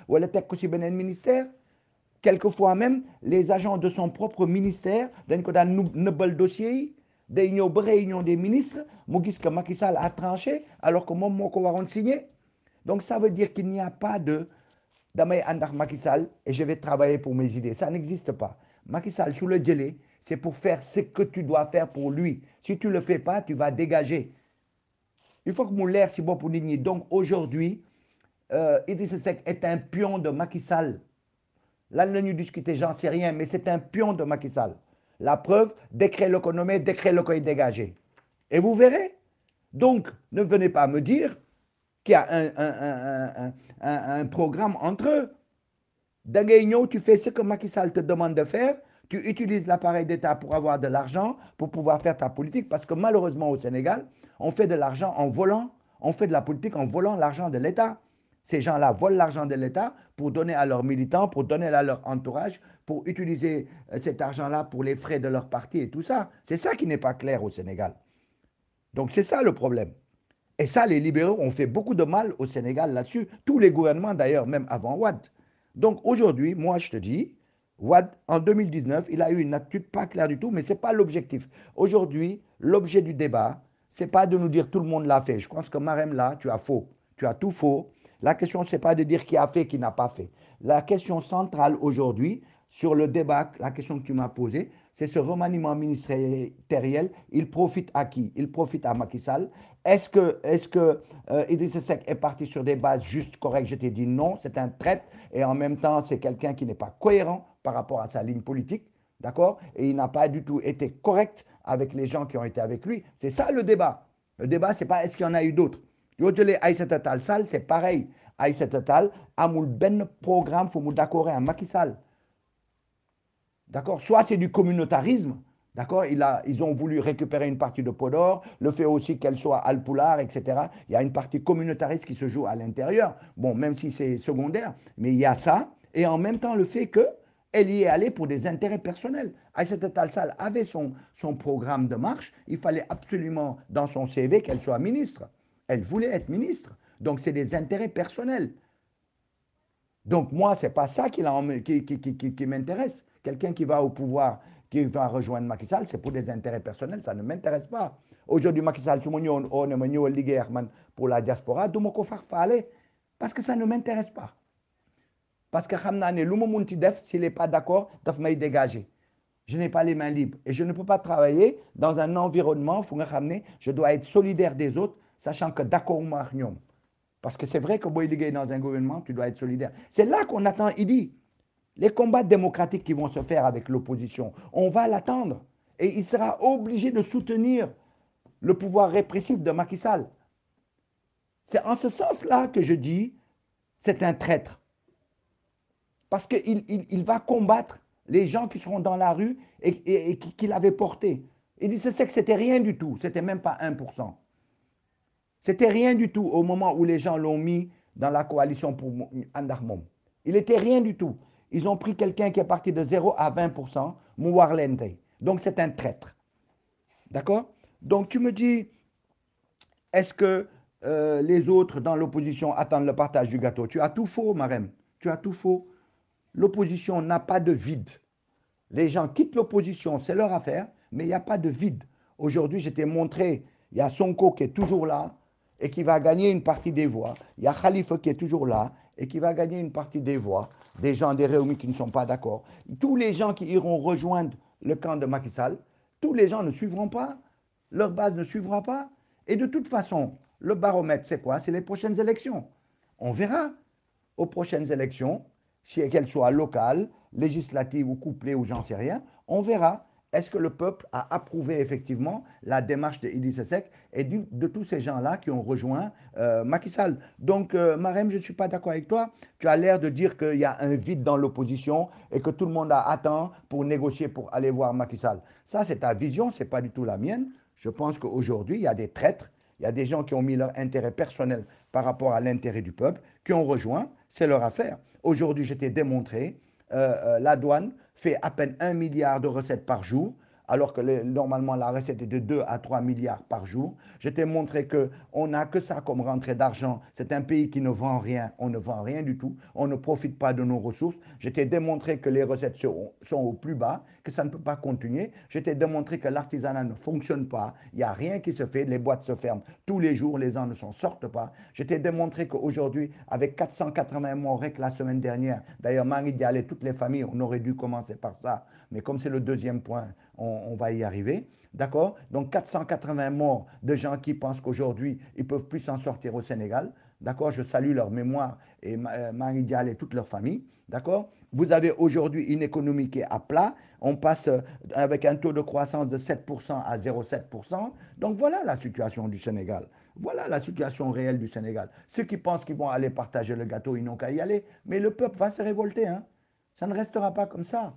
ou elle était aussi bien ministère, quelquefois même, les agents de son propre ministère, d'un côté, nebel dossier, des réunion des ministres, mu gis que Macky Sall a tranché, alors que mon moko va signé. Donc ça veut dire qu'il n'y a pas de damay andar Sall et je vais travailler pour mes idées ça n'existe pas Macky Sall le le c'est pour faire ce que tu dois faire pour lui si tu le fais pas tu vas dégager il faut que mouler l'air si bon pour donc aujourd'hui euh, est un pion de Macky Sall Là, la ñu j'en sais rien mais c'est un pion de Macky Sall la preuve décret le décrète nommé décret le dégagé. et vous verrez donc ne venez pas me dire qui a un, programme entre eux. Dagagno, tu fais ce que Macky Sall te demande de faire, tu utilises l'appareil d'État pour avoir de l'argent, pour pouvoir faire ta politique, parce que malheureusement au Sénégal, on fait de l'argent en volant, on fait de la politique en volant l'argent de l'État. Ces gens-là volent l'argent de l'État pour donner à leurs militants, pour donner à leur entourage, pour utiliser euh, cet argent-là pour les frais de leur parti et tout ça. C'est ça qui n'est pas clair au Sénégal. Donc c'est ça le problème. Et ça, les libéraux ont fait beaucoup de mal au Sénégal là-dessus, tous les gouvernements d'ailleurs, même avant Ouad. Donc aujourd'hui, moi je te dis, Ouad, en 2019, il a eu une attitude pas claire du tout, mais ce n'est pas l'objectif. Aujourd'hui, l'objet du débat, ce n'est pas de nous dire tout le monde l'a fait. Je pense que Marem, là, tu as faux. Tu as tout faux. La question, ce n'est pas de dire qui a fait, qui n'a pas fait. La question centrale aujourd'hui, sur le débat, la question que tu m'as posée, c'est ce remaniement ministériel. Il profite à qui Il profite à Macky Sall est-ce que, est que euh, Idriss est parti sur des bases juste correctes Je t'ai dit non, c'est un traître et en même temps, c'est quelqu'un qui n'est pas cohérent par rapport à sa ligne politique, d'accord Et il n'a pas du tout été correct avec les gens qui ont été avec lui. C'est ça le débat. Le débat, c'est pas est-ce qu'il y en a eu d'autres. Yodjele et Sal, c'est pareil. Tatal amoul ben programme, faut un Macky D'accord Soit c'est du communautarisme, D'accord Ils ont voulu récupérer une partie de Podor, le fait aussi qu'elle soit Alpoulard, etc. Il y a une partie communautariste qui se joue à l'intérieur, bon, même si c'est secondaire, mais il y a ça, et en même temps le fait qu'elle y est allée pour des intérêts personnels. Al Talsal avait son, son programme de marche, il fallait absolument dans son CV qu'elle soit ministre. Elle voulait être ministre, donc c'est des intérêts personnels. Donc moi, ce n'est pas ça qui, qui m'intéresse. Quelqu'un qui va au pouvoir qui va rejoindre Macky Sall, c'est pour des intérêts personnels, ça ne m'intéresse pas. Aujourd'hui, Macky Sall, tout oh, le pour la diaspora, le parce que ça ne m'intéresse pas. Parce que je sais s'il n'est pas d'accord, il me dégager. Je n'ai pas les mains libres et je ne peux pas travailler dans un environnement où je dois être solidaire des autres, sachant que d'accord ou Parce que c'est vrai que si dans un gouvernement, tu dois être solidaire. C'est là qu'on attend, il dit. Les combats démocratiques qui vont se faire avec l'opposition, on va l'attendre. Et il sera obligé de soutenir le pouvoir répressif de Macky Sall. C'est en ce sens-là que je dis, c'est un traître. Parce qu'il va combattre les gens qui seront dans la rue et, et, qu'il avait porté. Il dit, c'est que c'était rien du tout, c'était même pas 1%. C'était rien du tout au moment où les gens l'ont mis dans la coalition pour Andarmom. Il était rien du tout. Ils ont pris quelqu'un qui est parti de 0 à 20%, Mouarlende. Donc c'est un traître. D'accord Donc tu me dis, est-ce que euh, les autres dans l'opposition attendent le partage du gâteau Tu as tout faux, Marem. Tu as tout faux. L'opposition n'a pas de vide. Les gens quittent l'opposition, c'est leur affaire, mais il n'y a pas de vide. Aujourd'hui, je t'ai montré, il y a Sonko qui est toujours là et qui va gagner une partie des voix. Il y a Khalifa qui est toujours là et qui va gagner une partie des voix des gens des Réunis qui ne sont pas d'accord. Tous les gens qui iront rejoindre le camp de Macky Sall, tous les gens ne suivront pas, leur base ne suivra pas. Et de toute façon, le baromètre, c'est quoi C'est les prochaines élections. On verra aux prochaines élections, si qu'elles soient locales, législatives ou couplées ou j'en sais rien, on verra est-ce que le peuple a approuvé effectivement la démarche d'Idriss Seck et de, tous ces gens-là qui ont rejoint euh, Macky Sall Donc, euh, Marem, je ne suis pas d'accord avec toi. Tu as l'air de dire qu'il y a un vide dans l'opposition et que tout le monde attend pour négocier, pour aller voir Macky Sall. Ça, c'est ta vision, ce n'est pas du tout la mienne. Je pense qu'aujourd'hui, il y a des traîtres, il y a des gens qui ont mis leur intérêt personnel par rapport à l'intérêt du peuple, qui ont rejoint, c'est leur affaire. Aujourd'hui, je t'ai démontré euh, euh, la douane fait à peine 1 milliard de recettes par jour alors que normalement la recette est de 2 à 3 milliards par jour. Je t'ai montré qu'on n'a que ça comme rentrée d'argent. C'est un pays qui ne vend rien, on ne vend rien du tout, on ne profite pas de nos ressources. Je t'ai démontré que les recettes sont, au plus bas, que ça ne peut pas continuer. Je t'ai démontré que l'artisanat ne fonctionne pas, il n'y a rien qui se fait, les boîtes se ferment tous les jours, les gens ne s'en sortent pas. Je t'ai démontré qu'aujourd'hui, avec 480 morts la semaine dernière, d'ailleurs Marie et toutes les familles, on aurait dû commencer par ça, mais comme c'est le deuxième point, on, va y arriver. D'accord Donc 480 morts de gens qui pensent qu'aujourd'hui, ils peuvent plus s'en sortir au Sénégal. D'accord Je salue leur mémoire et euh, Marie Dial et toute leur famille. D'accord Vous avez aujourd'hui une économie qui est à plat. On passe euh, avec un taux de croissance de 7% à 0,7%. Donc voilà la situation du Sénégal. Voilà la situation réelle du Sénégal. Ceux qui pensent qu'ils vont aller partager le gâteau, ils n'ont qu'à y aller. Mais le peuple va se révolter. Hein ça ne restera pas comme ça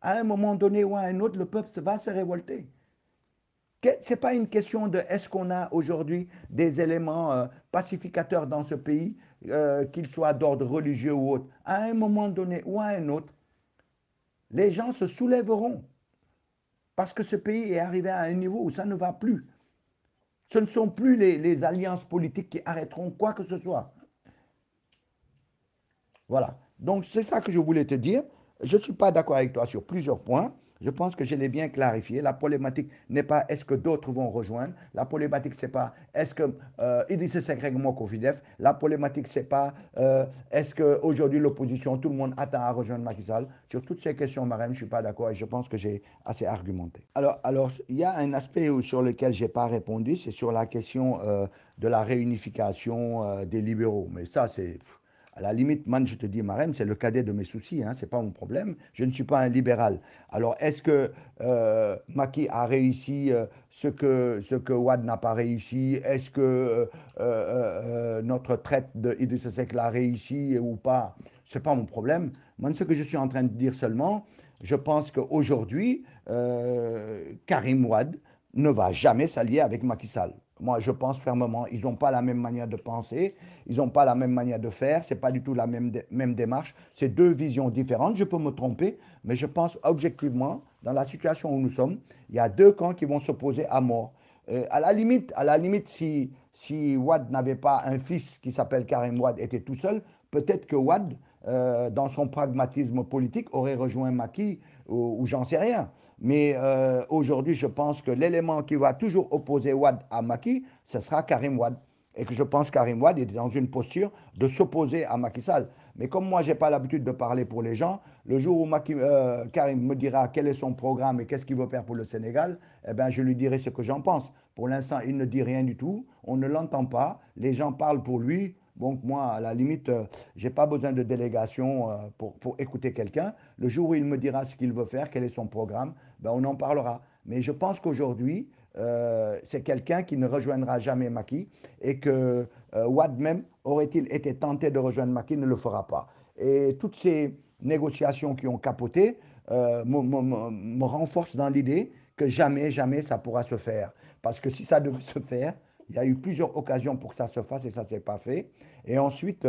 à un moment donné ou à un autre, le peuple va se révolter. Ce n'est pas une question de est-ce qu'on a aujourd'hui des éléments euh, pacificateurs dans ce pays, euh, qu'ils soient d'ordre religieux ou autre. À un moment donné ou à un autre, les gens se soulèveront parce que ce pays est arrivé à un niveau où ça ne va plus. Ce ne sont plus les, les alliances politiques qui arrêteront quoi que ce soit. Voilà. Donc c'est ça que je voulais te dire je ne suis pas d'accord avec toi sur plusieurs points. Je pense que je l'ai bien clarifié. La problématique n'est pas est-ce que d'autres vont rejoindre. La problématique, c'est pas est-ce que euh, Idriss Sekreg Fidef La problématique, c'est pas euh, est-ce qu'aujourd'hui l'opposition, tout le monde attend à rejoindre Macky Sur toutes ces questions, Marem, je ne suis pas d'accord et je pense que j'ai assez argumenté. Alors, alors, il y a un aspect sur lequel je n'ai pas répondu, c'est sur la question euh, de la réunification euh, des libéraux. Mais ça, c'est à la limite, Man, je te dis, Marem, c'est le cadet de mes soucis, hein, ce n'est pas mon problème. Je ne suis pas un libéral. Alors, est-ce que euh, Maki a réussi euh, ce, que, ce Wad n'a pas réussi Est-ce que euh, notre traite d'Idriss Seck l'a réussi ou pas Ce n'est pas mon problème. Moi, ce que je suis en train de dire seulement, je pense qu'aujourd'hui, Karim Wad ne va jamais s'allier avec Macky Sall. Moi, je pense fermement, ils n'ont pas la même manière de penser, ils n'ont pas la même manière de faire, ce n'est pas du tout la même, démarche. C'est deux visions différentes, je peux me tromper, mais je pense objectivement, dans la situation où nous sommes, il y a deux camps qui vont s'opposer à mort. Euh, à la limite, si, si Wad n'avait pas un fils qui s'appelle Karim Wad, était tout seul, peut-être que Wad, euh, dans son pragmatisme politique, aurait rejoint Maki ou j'en sais rien. Mais euh, aujourd'hui, je pense que l'élément qui va toujours opposer Wad à Maki, ce sera Karim Wad. Et que je pense que Karim Wad est dans une posture de s'opposer à Macky Sall. Mais comme moi, je n'ai pas l'habitude de parler pour les gens, le jour où euh, Karim me dira quel est son programme et qu'est-ce qu'il veut faire pour le Sénégal, eh ben, je lui dirai ce que j'en pense. Pour l'instant, il ne dit rien du tout. On ne l'entend pas. Les gens parlent pour lui. Donc moi, à la limite, euh, j'ai je n'ai pas besoin de délégation pour, pour écouter quelqu'un. Le jour où il me dira ce qu'il veut faire, quel est son programme, ben, on en parlera. Mais je pense qu'aujourd'hui, euh, c'est quelqu'un qui ne rejoindra jamais Maki et que euh, Watt même, aurait-il été tenté de rejoindre Maki, ne le fera pas. Et toutes ces négociations qui ont capoté euh, me, renforcent dans l'idée que jamais, jamais ça pourra se faire. Parce que si ça devait se faire, il y a eu plusieurs occasions pour que ça se fasse et ça ne s'est pas fait. Et ensuite,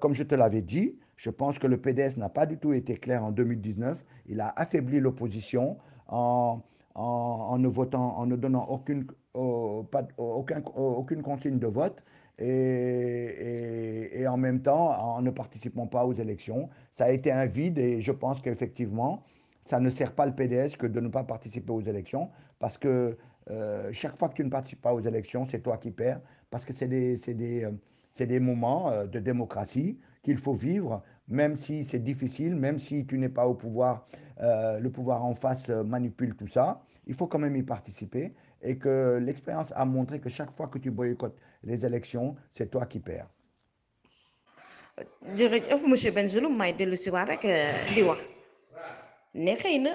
comme je te l'avais dit, je pense que le PDS n'a pas du tout été clair en 2019 il a affaibli l'opposition en, en, ne donnant euh, euh, aucune, consigne de vote. Et, en même temps, en ne participant pas aux élections, ça a été un vide et je pense qu'effectivement, ça ne sert pas le PDS que de ne pas participer aux élections parce que euh, chaque fois que tu ne participes pas aux élections, c'est toi qui perds parce que c'est des moments de démocratie qu'il faut vivre même si c'est difficile, même si tu n'es pas au pouvoir, euh, le pouvoir en face euh, manipule tout ça, il faut quand même y participer et que l'expérience a montré que chaque fois que tu boycottes les élections, c'est toi qui perds. jërëjëf euh, monsieur Bengeloum may dellu si waat rek euh, di wax ne xëy na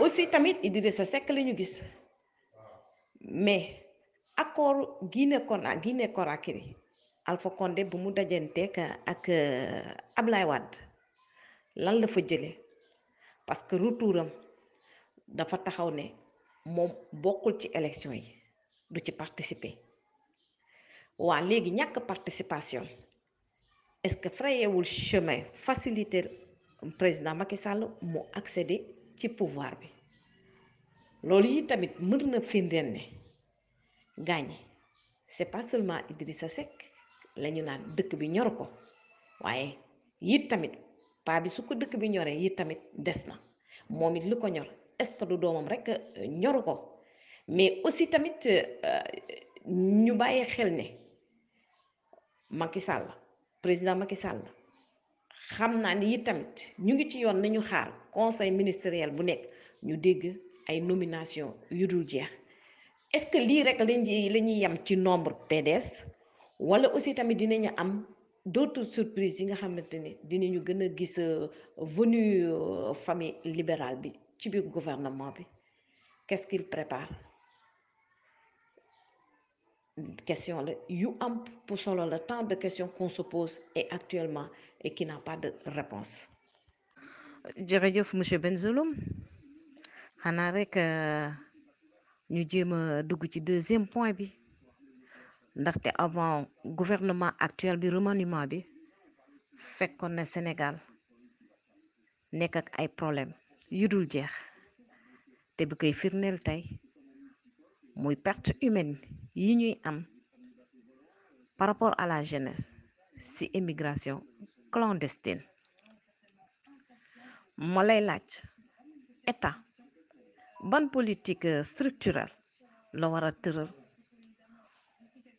aussi tamit Idrissa Seck la ñu gis mais accord Guinée Conakry Guinée Conakry Alpha Condé bu mu dajanteeg ak eh, Ablaye Wade lan la fa faire parce que retouram dafa taxaw ne mom bokul ci élection yi du ci participer wa léegi ñak participation est-ce que frayewul chemin faciliter président Macky Sall mu accéder ci pouvoir bi loolu yi tamit mën na fi ne ce c'est pas seulement Idrissa Seck lañu naan dëkk bi ñoru ko waaye yit tamit paa bi su ko dëkk bi ñoree yit tamit des na moom it lu ko ñor est-ce que du doomam rek euh, ñoru ko mais aussi tamit euh, ñu bàyyi xel ne Macky Sall président Macky Sall xam naa ni yit tamit ñu ngi ci yoon nañu xaar conseil ministériel bu nekk ñu dégg ay nomination yu dul jeex est-ce que lii rek lañ la yem ci nombre PDS wala aussi tamit dinañu am d'autres surprises yi nga xamanteni dinañu gëna a gis euh, euh, famille libérale bi ci biir gouvernement bi qu'est-ce qu'il prépare question la yu am pour solo le temps de questions qu'on se pose et actuellement et qui n'a pas de réponse jërëjëf monsieur Bengelloune Je rek euh, ñu nous a dugg ci deuxième point bi ndaxte avant gouvernement actuel bi remaniement bi fekkoon Sénégal nekk ak ay problème yu dul jeex te bi koy firndeel tey muy perte humaine yi ñuy am par rapport à la jeunesse si immigration clandestine ma lay laaj état ban politique euh, structurelle la war a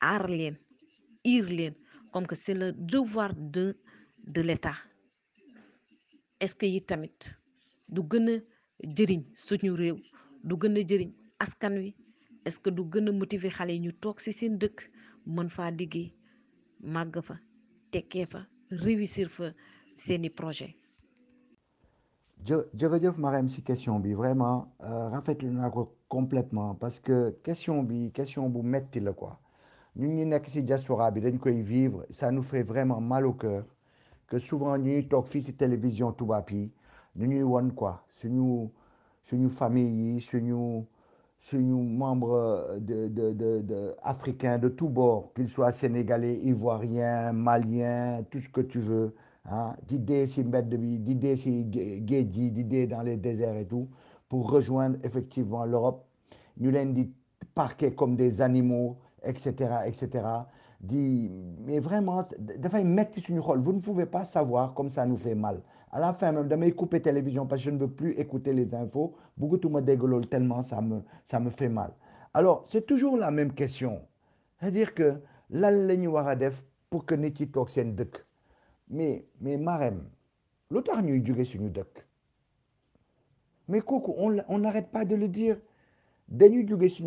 aar leen comme que c'est le devoir de de l'État est-ce que y tamit du gën a jëriñ suñu réew du gën jëriñ askan wi est-ce que du gën a motiver xale yi ñu toog ci seen dëkk mën faa liggéey màgg fa tekkee fa fa seeni projet jë jërëjëf Marème ci question bi vraiment euh, rafetlu le nago complètement parce que question bi question bu metti le quoi n'y ñi pas si diaspora bi dañ koy vivre ça nous fait vraiment mal au cœur que souvent nous toog fii de télévision tout yi nous ñuy won quoi ce nous, famille nous suñu nous membre de de de de africains de tous bords qu'ils soient sénégalais Ivoiriens, Maliens, tout ce que tu veux hein. d'idées mbedd si dans les déserts et tout pour rejoindre effectivement l'Europe nous leen di parquer comme des animaux etc., etc. Dit, mais vraiment, ils mettent sur une Vous ne pouvez pas savoir comme ça nous fait mal. À la fin, même, ils couper la télévision parce que je ne veux plus écouter les infos. Beaucoup tout me dégueulent tellement ça me, ça me fait mal. Alors, c'est toujours la même question. C'est-à-dire que la def pour que Neti Toksien Mais, mais, marem, l'autre nuit sur nous Mais, coucou, on n'arrête pas de le dire. sur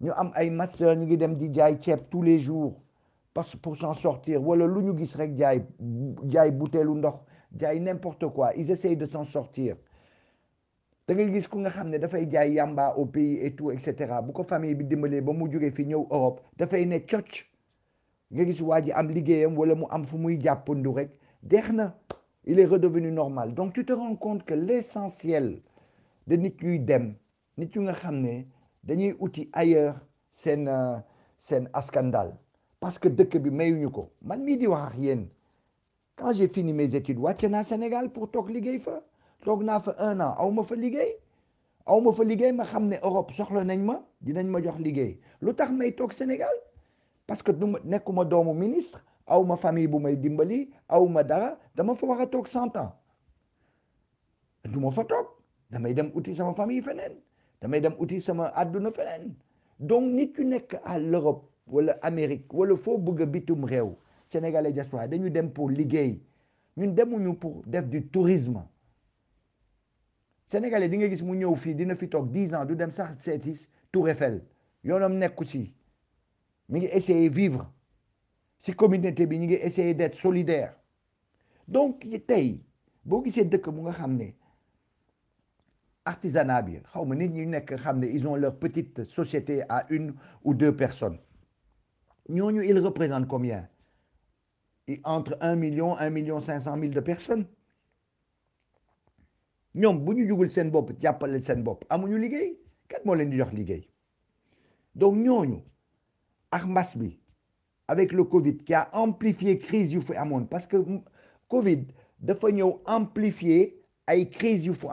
ñu am ay masseurs ñu ngi dem di jaay tous les jours parce pour s'en sortir wala lu ñu gis rek jaay jaay ndox jaay n'importe quoi ils essayent de s'en sortir da ngay gis ku nga xam ne dafay jaay yamba au pays et tout et cetera bu ko famille bi dimbalee ba mu fi Europe dafay ne ils nga gis waa ji am liggéeyam wala mu am fu muy jàppandu rek il est redevenu normal donc tu te rends compte que l'essentiel de nit dem nit nga dañuy uti ailleurs seen euh, seen askan daal parce que dëkk bi mayuñu ko man mii di wax ak yéen quand j'ai fini mes études wàcce naa Sénégal pour toog liggéey fa toog naa fa un an aw ma fa liggéey aw ma fa liggéey ma xam ne Europe soxla nañ ma dinañ ma jox liggéey lu tax may toog Sénégal parce que du ma nekkuma doomu ministre aw ma famille bu may dimbali aw ma dara dama fa war a toog cent ans du ma fa toog damay dem uti sama famille feneen damay dem ça sama àdduna feneen donc ni ku nekk à l'Europe wala Amérique wala foo bëgg a bitum réew sénégalais diaspora dañu dem pour nous ñun demuñu pour def du tourisme sénégalais di nga gis mu ñëw fii dina fi toog dix ans du dem sax seeti Tour Eiffel yoonam nekku ci mi ngi essayer vivre si communauté bi ñu ngi essayer d'être solidaire donc tey qui gisee dëkk mu nga xam ne artisanat bi nit ñi ils ont leur petite société à une ou deux personnes ils représentent combien entre 1 million 1 million 500 000 de personnes ñoom bu ñu jugul seen bopp jàppale seen bopp amuñu liggéey kat moo leen di jox liggéey donc ñooñu ak mbas bi avec le Covid qui a amplifié crise yu monde, parce que Covid dafa ñëw amplifier ay crise yu fu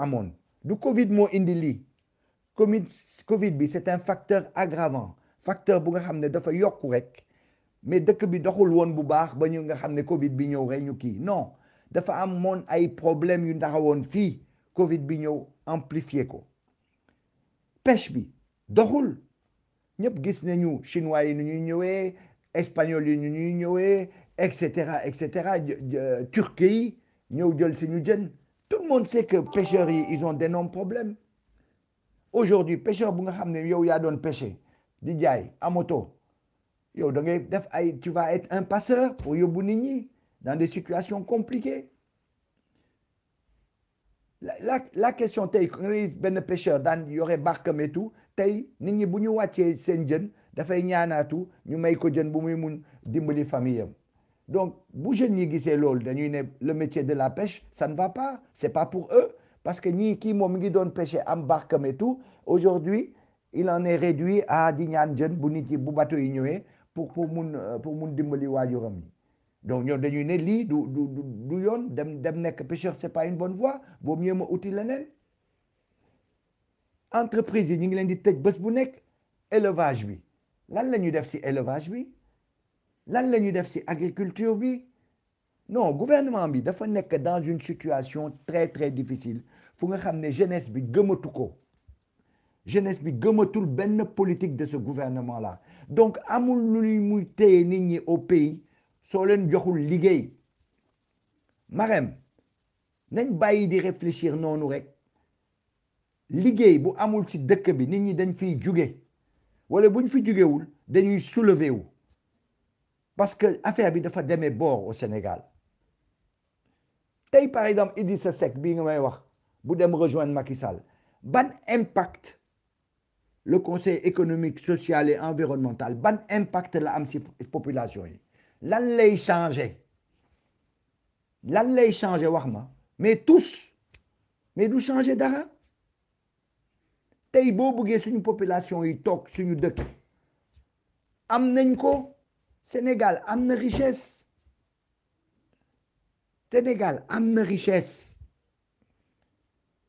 du Covid moo indi lii Covid Covid bi c'est un facteur aggravant facteur bu nga xam ne dafa yokku rek mais dëkk bi doxul woon bu baax ba ñu nga xam Covid bi ñëw rek ñu non dafa am moon ay problème yu ndaxawoon fii Covid bi ñëw amplifier ko pêche bi doxul ñëpp gis nañu chinois yi ñuy ñëwee espagnol yi nu ñuy ñëwee et cetera turquie yi ñëw jël suñu jën tout le monde sait que pêcheurs ils ont d'énormes problèmes aujourd'hui pêcheur bu nga xam ne yow yaa doon pêcher di jaay amoto yow da ngay def ay tu vas être un passeur pour yo nit dans des situations compliquées la la la question tey ben pêcheur daan yore barque et tout tey nit ñi bu ñu wàccee seen jën dafay ñaanaatu ñu may ko jën bu muy mun dimbali famille donc, bougez ni qui c'est l'ol, le métier de la pêche, ça ne va pas, c'est pas pour eux, parce que ni qui mom qui donne pêcher am tout, aujourd'hui, il en est réduit à dignan jeune bu nit bu bateau yi pour pour mun euh, pour mun démolir wajuram ni. Donc ñom dañuy né li du du du yoon dem dem nek pêcheur c'est pas une bonne voie, vaut mieux ma outil leneen. Entreprise yi ñi ngi leen di tëj bës bu nekk élevage bi. Lan lañu def ci élevage bi? lan la def ci agriculture bi non gouvernement bi dafa nekk dans une situation très très difficile fu nga xam ne jeunesse bi gëmatu ko jeunesse bi gëmatul benn politique de ce gouvernement là donc amul lu muy téye nit ñi au pays soo leen joxul liggéey Marème nañ bàyyi di réfléchir noonu rek liggéey bu amul ci dëkk bi nit ñi dañ fiy jóge wala buñ fi jógewul dañuy soulever wu parce que affaire bi dafa des bords au Sénégal tey par exemple il dit bii nga may wax bu dem rejoindre Macky Sall ban impact le conseil économique social et environnemental ban impact la population yi lan lay changé warma. a changé wax mais tous mais du changé dara tey a bëggee suñu population yi population. suñu dëkk am nañ ko Sénégal am na richesse Sénégal am na richesse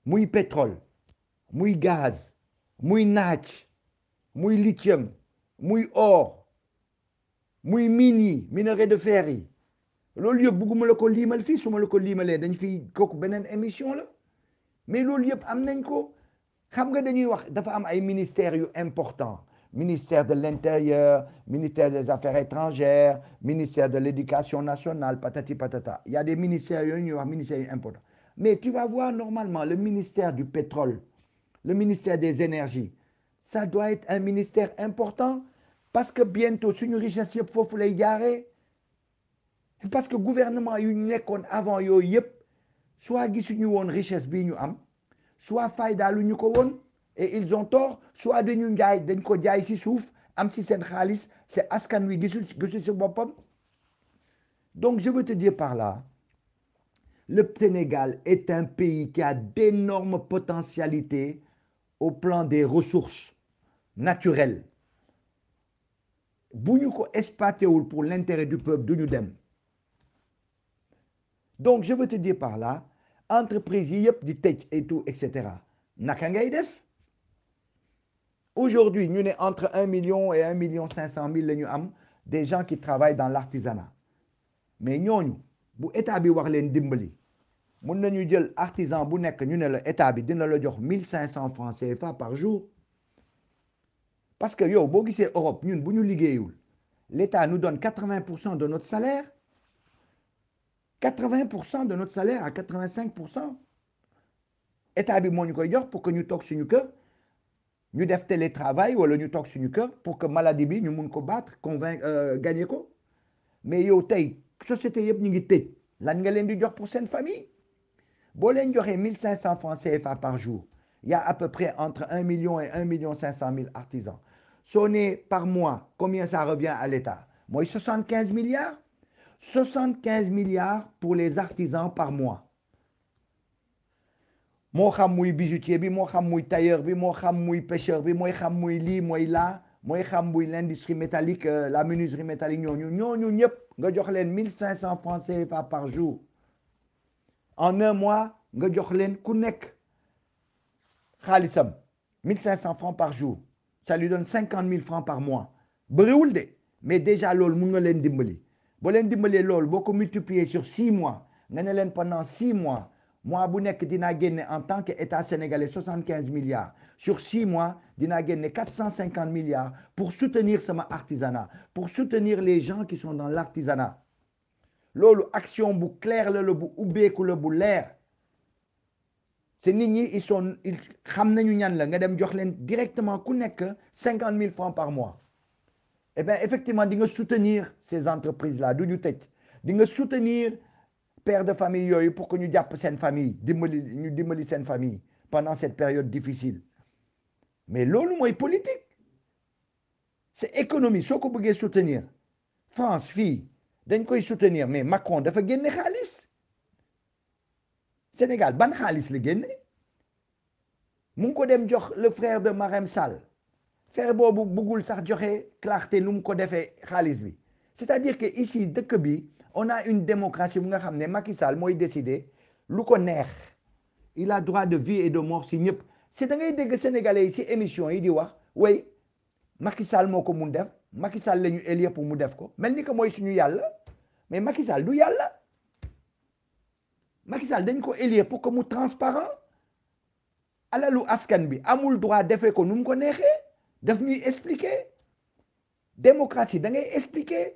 muy pétrole muy gaz muy naaj muy lithium muy or muy mine yi minerai de fer yi loolu yëpp bugguma la ko liimal fii su ma la ko liimalee dañ fi kooku beneen émission la mais loolu yëpp am nañ ko xam nga dañuy wax dafa am ay ministères yu important ministère de l'Intérieur, ministère des Affaires étrangères, ministère de l'Éducation nationale, patati patata. Il y a des ministères, il y a un ministère important. Mais tu vas voir normalement le ministère du pétrole, le ministère des énergies. Ça doit être un ministère important parce que bientôt, si nous richesse, il faut les garer. Parce que le gouvernement, il n'y a avant, soit il y a une richesse, soit il y a une richesse, soit il y a une et ils ont tort soit de njaay dañ ko jaay si souf, am ci sen khalis c'est askan wi gisul gisul donc je veux te dire par là le Sénégal est un pays qui a d'énormes potentialités au plan des ressources naturelles Bouyouko pour l'intérêt du peuple de nous donc je veux te dire par là entreprise yop di et tout etc. cetera def Aujourd'hui, nous sommes entre 1 million et 1 million 500 000 des gens qui travaillent dans l'artisanat. Mais nous, nous, nous établissons nous dimbali. Nous avons des artisans. nous avons 1 500 francs CFA par jour. Parce que, si c'est Europe, nous, nous, nous, l'État nous donne 80% de notre salaire. 80% de notre salaire à 85%. L'État nous pour que nous toquions sur nous. Nous devons télétravail ou nous toxons sur nous pour que la nous puisse combattre, euh, gagner quoi Mais il y a des sociétés qui est là. Nous avons pour cette famille. Si nous avons 1500 francs CFA par jour, il y a à peu près entre 1 million et 1 million 500 000 artisans. sonné par mois, combien ça revient à l'État Moi, 75 milliards 75 milliards pour les artisans par mois je suis bijoutier, un je suis tailleur, un je suis pêcheur, un je suis li, là, je suis l'industrie métallique, euh, la menuiserie métallique, nous, avons nous, nous, nous, nous, nous, nous, nous, nous, nous, nous, nous, nous, nous, 1500 francs par jour. Ça lui donne 50 000 francs par mois. Mais déjà, l'ol, ne l'en dimbali. Bolen dimbali vous multiplié sur 6 mois. Nenelen pendant 6 mois. Moi, en tant qu'État sénégalais 75 milliards sur six mois je 450 450 milliards pour soutenir ma artisanat pour soutenir les gens qui sont dans l'artisanat lolo action bou claire le le coule c'est ils sont ils ñan la directement 50 000 francs par mois eh bien effectivement di soutenir ces entreprises là du tête soutenir père de famille pour que nous démolissions une famille dimbali ñu famille pendant cette période difficile mais loolu est politique c'est économie soko vous pouvez soutenir France fille, dañ koy soutenir mais Macron dafa génné xaliss Sénégal ban xaliss le génné mu ko dem jox le frère de Marem Sal. frère bobu bëggul sax joxé clarté nu ko défé xaliss bi c'est-à-dire que ici dëkk bi on a une démocratie vous nga Macky Sall il a droit de vie et de mort si ñëpp si da ngay sénégalais ici émission yi Macky Sall Macky Sall la élu pour mu def ko suis que suñu mais Macky Sall du Macky Sall dañ ko pour que mu transparent alalu askan bi amul droit defee ko suis ko daf ñuy expliquer démocratie da expliquer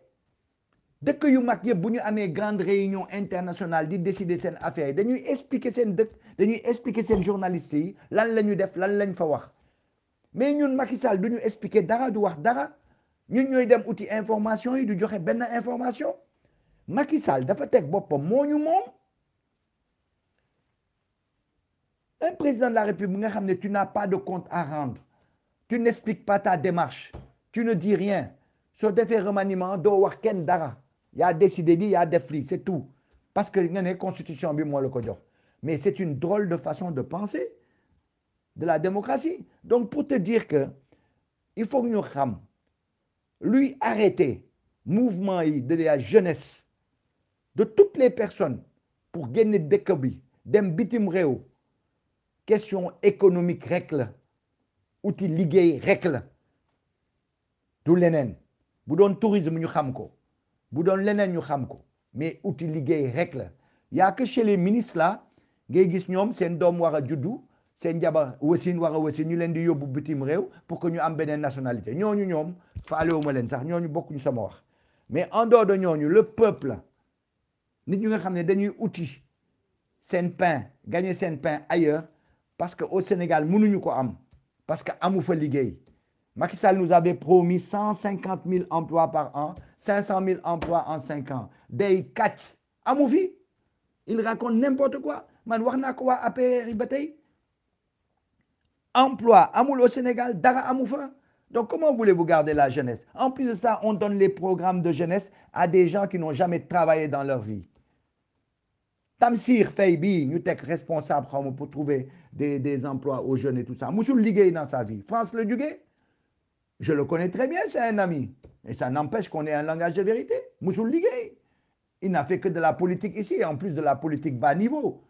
Dès yu mag yëpp bu ñu grande réunion internationale di décider seen affaire yi dañuy expliquer sen dëkk dañuy expliquer sen journalistes yi lan lañu def lan lañ fa wax mais ñun Macky Sall duñu expliquer dara du wax dara ñun ñoy dem outil information yi du joxe ben information Macky Sall dafa tek bopam moñu mom un président de la République nga xamné tu n'as pas de compte à rendre tu n'expliques pas ta démarche tu ne dis rien soo defee remaniement do wax ken dara il y a des CDD, il y a des flics, c'est tout parce que a une constitution mais c'est une drôle de façon de penser de la démocratie donc pour te dire que il faut que nous xam lui arrêter mouvement de la jeunesse de toutes les personnes pour gagner des bi des questions. économiques question économique règle outil ligué règle d'où tourisme nous bu doon leneen ñu xam ko mais outil liguey rek la yaa que chez les ministres là ngay gis ñom sen doom wara juddu sen jaba wasin wara a wasin ñu len di yobbu bitim rew pour que ñu am benen nationalité ñom ñoom faalewuma len sax bokku ñu sama wax mais en dehors de ñoñu le peuple nit ñu nga xamné dañuy outil sen pain gagner sen pain ailleurs parce que au Sénégal mënuñu ko am parce que amu fa liguey Macky nous avait promis 150 000 emplois par an, 500 000 emplois en 5 ans. Des catch. À il raconte n'importe quoi. Man, warna quoi Emploi, amoul au Sénégal, dara amoufa. Donc comment voulez-vous garder la jeunesse En plus de ça, on donne les programmes de jeunesse à des gens qui n'ont jamais travaillé dans leur vie. Tamsir nous sommes responsable pour trouver des, emplois aux jeunes et tout ça. Moussoul Ligue dans sa vie. France Le Duguet je le connais très bien, c'est un ami. Et ça n'empêche qu'on ait un langage de vérité. Moussoul il n'a fait que de la politique ici, en plus de la politique bas niveau.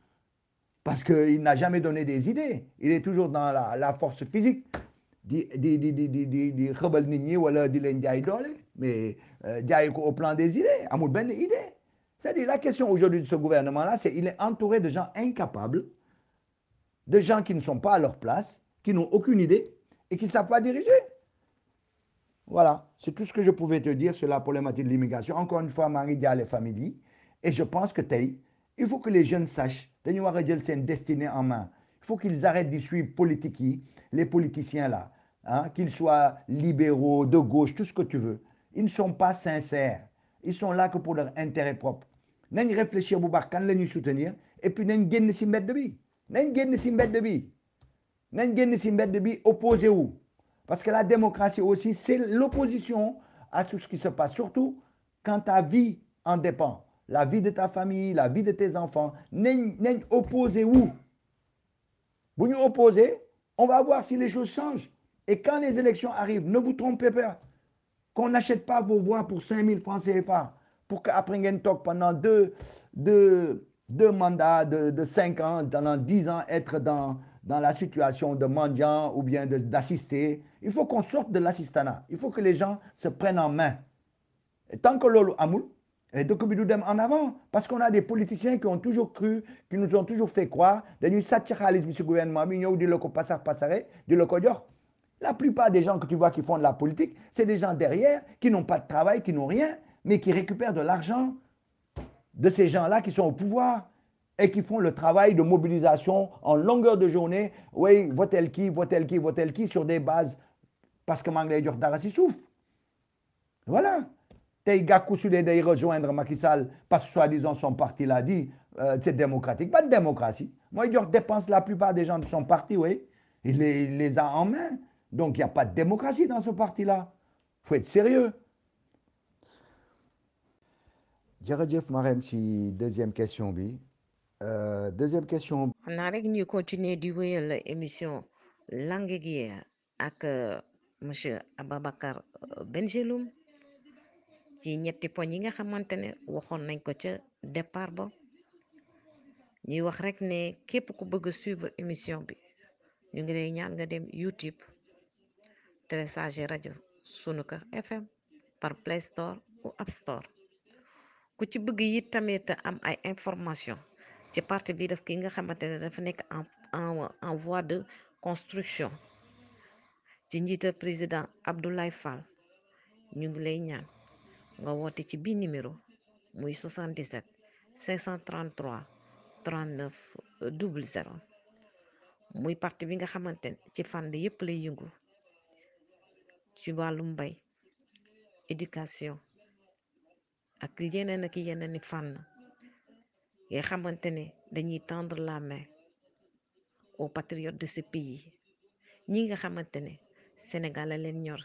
Parce qu'il n'a jamais donné des idées. Il est toujours dans la, force physique. mais euh, au plan des idées ben cest à la question aujourd'hui de ce gouvernement-là c'est qu'il est entouré de gens incapables de gens qui ne sont pas à leur place qui n'ont aucune idée et qui ne savent pas diriger voilà, c'est tout ce que je pouvais te dire sur la problématique de l'immigration. Encore une fois, Marie et les Et je pense que Tay, il faut que les jeunes sachent, les c'est une destinée en main. Il faut qu'ils arrêtent d'y suivre politique, les politiciens là, hein, qu'ils soient libéraux, de gauche, tout ce que tu veux. Ils ne sont pas sincères. Ils sont là que pour leur intérêt propre. Nous réfléchir, Boubarkan, nous soutenir, et puis nous ne si mettre de vie. Nous ne si mettre de billes. Nous ne si mettre de vie. opposez-vous. Parce que la démocratie aussi, c'est l'opposition à tout ce qui se passe, surtout quand ta vie en dépend. La vie de ta famille, la vie de tes enfants, n'est opposée où Vous nous opposez, on va voir si les choses changent. Et quand les élections arrivent, ne vous trompez pas. Qu'on n'achète pas vos voix pour 5000 francs CFA, pour qu'après pendant deux, deux, deux mandats de, de, 5 ans, pendant 10 ans, être dans, dans la situation de mendiant ou bien d'assister il faut qu'on sorte de l'assistanat. Il faut que les gens se prennent en main. tant que Lolo amoul, et dem en avant, parce qu'on a des politiciens qui ont toujours cru, qui nous ont toujours fait croire, de nous bi gouvernement la plupart des gens que tu vois qui font de la politique c'est des gens derrière qui n'ont pas de travail qui n'ont rien mais qui récupèrent de l'argent de ces gens-là qui sont au pouvoir et qui font le travail de mobilisation en longueur de journée oui va-elle qui votel qui votel qui sur des bases parce que Manglay Dara s'y souffre. Voilà. gars qui d'aller rejoindre Makissal parce que soi-disant son parti l'a dit, euh, c'est démocratique. Pas de démocratie. Moi, il dépense la plupart des gens de son parti, oui. Il les, a en main. Donc, il n'y a pas de démocratie dans ce parti-là. Il faut être sérieux. jërëjëf Marem, si deuxième question bi euh, deuxième question. On a continué continuer di l'émission émission langue euh, monsieur Ababacar euh, Bengeloum ci ñetti po yi nga xamante ne waxoon nañ ko ca départ ba ñuy wax rek ne képp ku bëgg a suivre émission bi ñu ngi lay ñaan nga dem YouTube télécharger rajo Sunuker FM par Play Store ou App Store ku ci bëgg yi tamit am ay information ci parti bi daf ki nga xamante ne dafa nekk en en voie de construction ci njiital président Abdoulaye fal ñu ngi lay ñaan nga woote ci bii numéro muy 77 533 39 00 muy parti bi nga xamante ne ci fànn yépp lay yëngu ci wàllum mbay éducation ak yeneen ak yeneen i fànn nga xamante ne dañuy tendre la main aux patriotes de ce pays ñi nga xamante ne Sénégal a leen ñor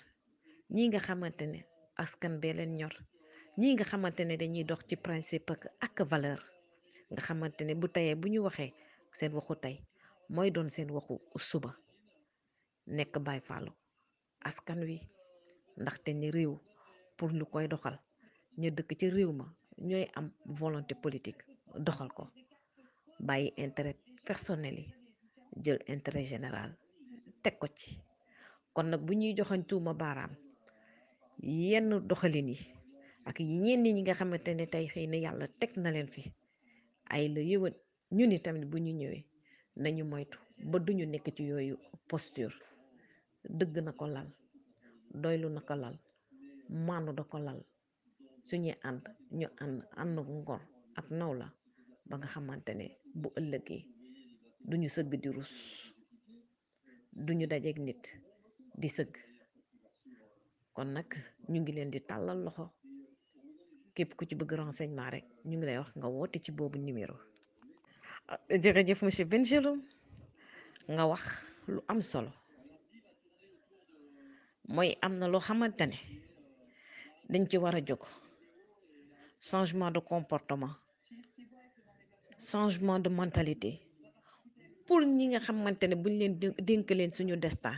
ñi nga xamante ne askan bee leen ñor ñi nga xamante ne dañuy dox ci principe ak valeur nga xamante ne bu teyee bu ñu waxee seen waxu tey mooy doon seen waxu suba nekk Baay Fallu askan wi ndaxte ni réew pour lu koy doxal ñu dëkk ci réew ma ñooy am volonté politique doxal ko bàyyi intérêt personnel yi jël intérêt général teg ko ci kon nag bu ñuy joxañ tuuma baaraam yenn doxalin yi ak ñenn ñi nga xamante ne tey xëy na yàlla teg na leen fi ay la yëwan ñu ni tamit bu ñu ñëwee nañu moytu ba duñu nekk ci yooyu posture dëgg na ko lal doylu na ko lal maanu da ko lal suñuy ànd ñu ànd ànd ngor ak naw la ba nga xamante ne bu ëllëgee duñu sëgg di rus duñu dajeek nit di sëgg kon nag ñu ngi leen di tàllal loxo képp ku ci bëgg renseignement rek ñu ngi lay wax nga woote ci boobu numéro ah, jërëjëf monsieur Bengelloune nga wax lu am solo mooy am na loo xamante ne dañ ci war a jóg changement de comportement changement de mentalité pour ñi nga xamante ne buñ leen dénk leen suñu destin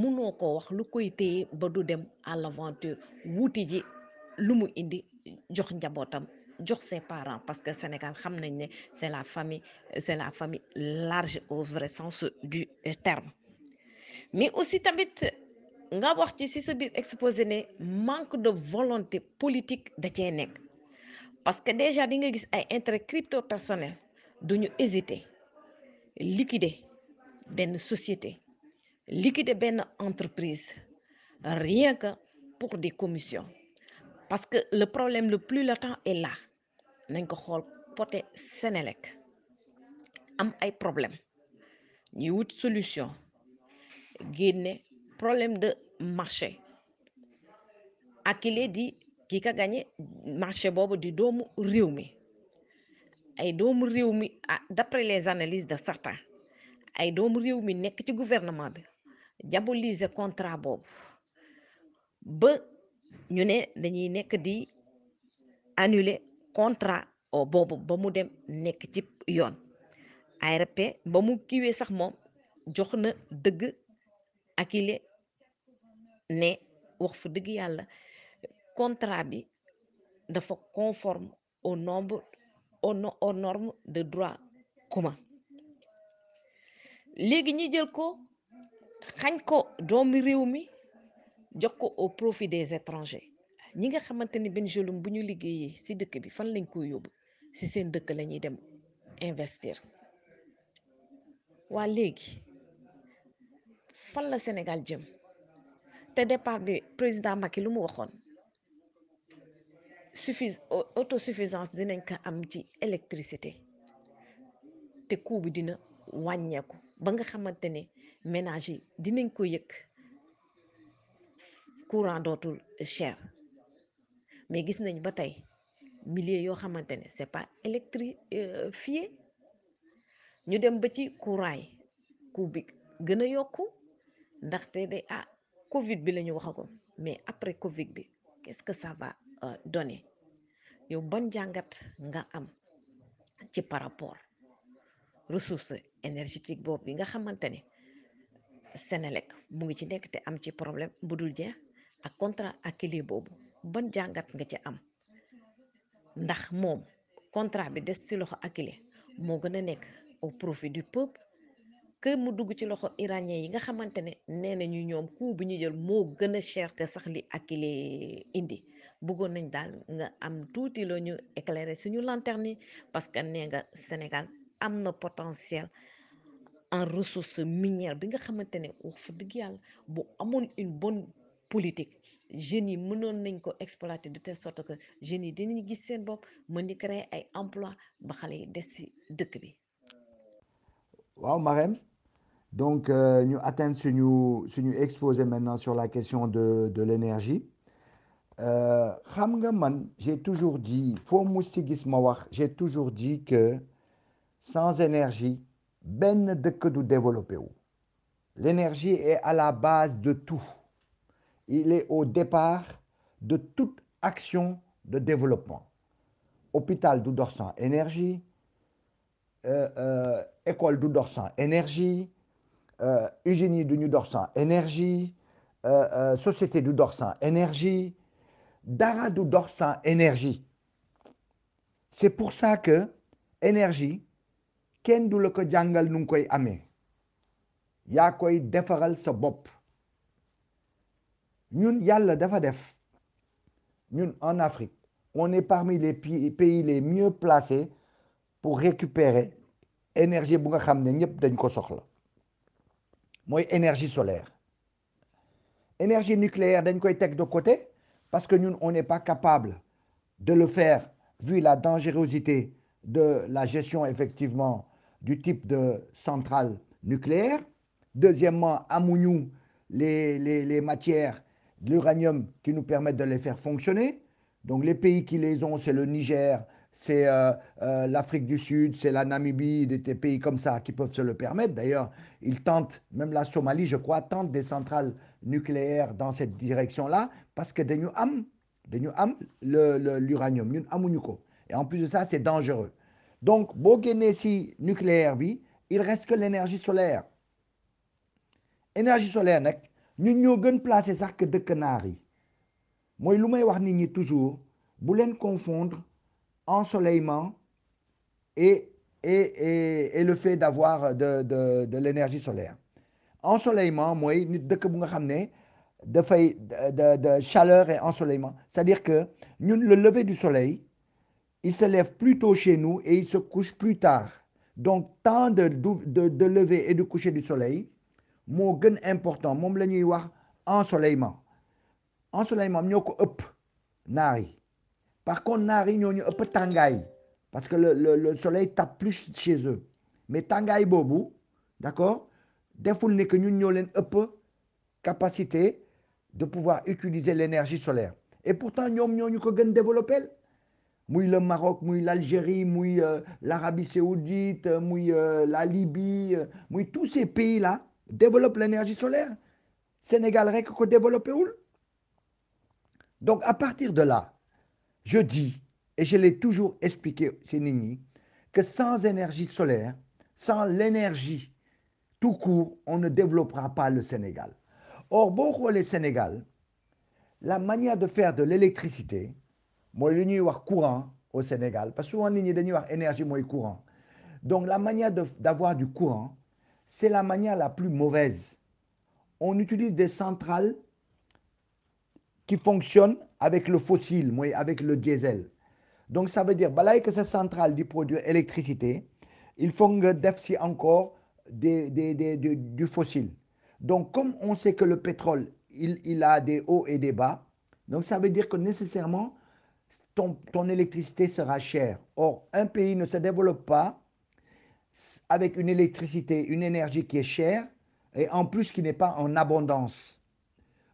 munoo ko wax lu koy téye ba du dem à l'aventure wuuti ji lu indi jox njabootam jox ses parents parce que Sénégal xam nañ c'est la famille c'est la famille large au vrai sens du terme mais aussi tamit nga wax ci si exposé ne manque de volonté politique da cee parce que déjà di nga gis ay intérêt crypto personnel duñu hésiter liquider benn société liquider bien entreprise rien que pour des commissions parce que le problème le plus latent est là nañ ko Il poté Sénélec am ay problème Il wut solution un problème de marché à qui kii ka qui marché gagné di doomu du ay doomu ah, d'après les analyses de certains ay doomu Riumi n'est nekk ci gouvernement diaboliser contrat Bob, ba ñu ne dañuy nekk di annuler contrat bobu ba mu dem nekk ci yoon ARP ba mu kiiwee sax moom jox na dëgg Akile ne wax fa dëgg yàlla contrat bi dafa conforme au nombre au au norme de droit commun léegi ñi jël ko xañ ko doomi réew mi jox ko au profit des étrangers ñi nga xamante ni benjelum bu ñu liggéeyee ci dëkk bi fan lañ koy yóbbu si seen dëkk lañuy dem investir waa léegi fan la Sénégal jëm te départ bi président Macky lu mu waxoon suffis autosuffisance dinañ ko am ci électricité te coût dina wàññeeku ba nga xamante ni ménager yi dinañ ko yëg courant dootul cher mais gis nañ ba tey milliers yoo xamante ne c'est pas fié ñu dem ba ci courant yi ku bi gën a yokku ndaxte day ah covid bi la ñu mais après covid bi qu'est-ce que ça va euh, donner yow ban jàngat nga am ci par rapport ressource énergétique boobu bi nga xamante ne Senelec mu ngi ci nekk te am ci problème bu dul jeex ak contrat ak boobu ban jàngat nga ci am ndax moom contrat bi des ci loxo Akilee moo gën a nekk au profit du peuple que mu dugg ci loxo iranien yi nga xamante ne nee nañu ñoom coût bu ñu jël moo gën a cher que sax li Akilee indi bëggoon nañ daal nga am tuuti loo ñu éclairer suñu lanterne yi parce que nee nga Sénégal am na potentiel en ressource minière bi nga xamante ne wax fa dëgg yàlla bu amoon une bonne politique jeunes yi mënoon nañ ko exploiter de telle sorte que jeunes yi dinañ gis seen bopp mën di créer ay emploi ba xale yi des si dëkk bi. waaw Marème donc euh, ñu atteindre suñu suñu exposé maintenant sur la question de de l'énergie euh, xam nga man j'ai toujours dit pour mus ci gis ma wax j'ai toujours dit que sans énergie ben de que l'énergie est à la base de tout il est au départ de toute action de développement hôpital du énergie école du énergie euh, euh énergie euh, euh, société du énergie dara du énergie c'est pour ça que énergie kenn du la ko jàngal nu koy amee yaa koy defaral sa bopp ñun dafa def ñun en Afrique on est parmi les pays les mieux placés pour récupérer énergie bu nga xam ne ñëpp dañ ko soxla énergie solaire énergie nucléaire dañ koy teg de côté parce que nous, on n'est pas capable de le faire vu la dangerosité de la gestion effectivement du type de centrale nucléaire. Deuxièmement, à les, les, de matières, l'uranium qui nous permettent de les faire fonctionner. Donc les pays qui les ont, c'est le Niger, c'est euh, euh, l'Afrique du Sud, c'est la Namibie, des, pays comme ça qui peuvent se le permettre. D'ailleurs, ils tentent, même la Somalie, je crois, tente des centrales nucléaires dans cette direction-là, parce que de nous am, l'uranium, et en plus de ça, c'est dangereux donc nucléaire il il reste que l'énergie solaire énergie solaire nous ñun ñoo gën placé sax que de toujours confondre ensoleillement et et et le fait d'avoir de l'énergie solaire ensoleillement moi, de quoi bu nga fait, de chaleur et ensoleillement c'est-à-dire que le lever du soleil ils se lèvent plus tôt chez nous et il se couche plus tard. Donc, tant de, de, lever et de coucher du soleil, mon important mon ensoleillement ensoleillement nous up, nari. par contre nari up tangai parce que le soleil tape plus chez eux mais tangai bobou, d'accord Défaut n'est que ñun capacité de pouvoir utiliser l'énergie solaire et pourtant nous avons ñu développer mouille le Maroc, mouille l'Algérie, mouille euh, l'Arabie saoudite, euh, mouille euh, la Libye, mouille tous ces pays-là développent l'énergie solaire. Sénégal rek que développer Donc à partir de là, je dis et je l'ai toujours expliqué c'est que sans énergie solaire, sans l'énergie tout court, on ne développera pas le Sénégal. Or, beaucoup le Sénégal, la manière de faire de l'électricité, moi li wax courant au Sénégal parce que souvent y ñi dañuy wax énergie courant donc la manière d'avoir du courant c'est la manière la plus mauvaise on utilise des centrales qui fonctionnent avec le fossile avec le diesel donc ça veut dire bah, là que ces centrales du produit électricité il faut encore des des des du fossile donc comme on sait que le pétrole il il a des hauts et des bas donc ça veut dire que nécessairement ton, électricité sera chère. Or, un pays ne se développe pas avec une électricité, une énergie qui est chère et en plus qui n'est pas en abondance.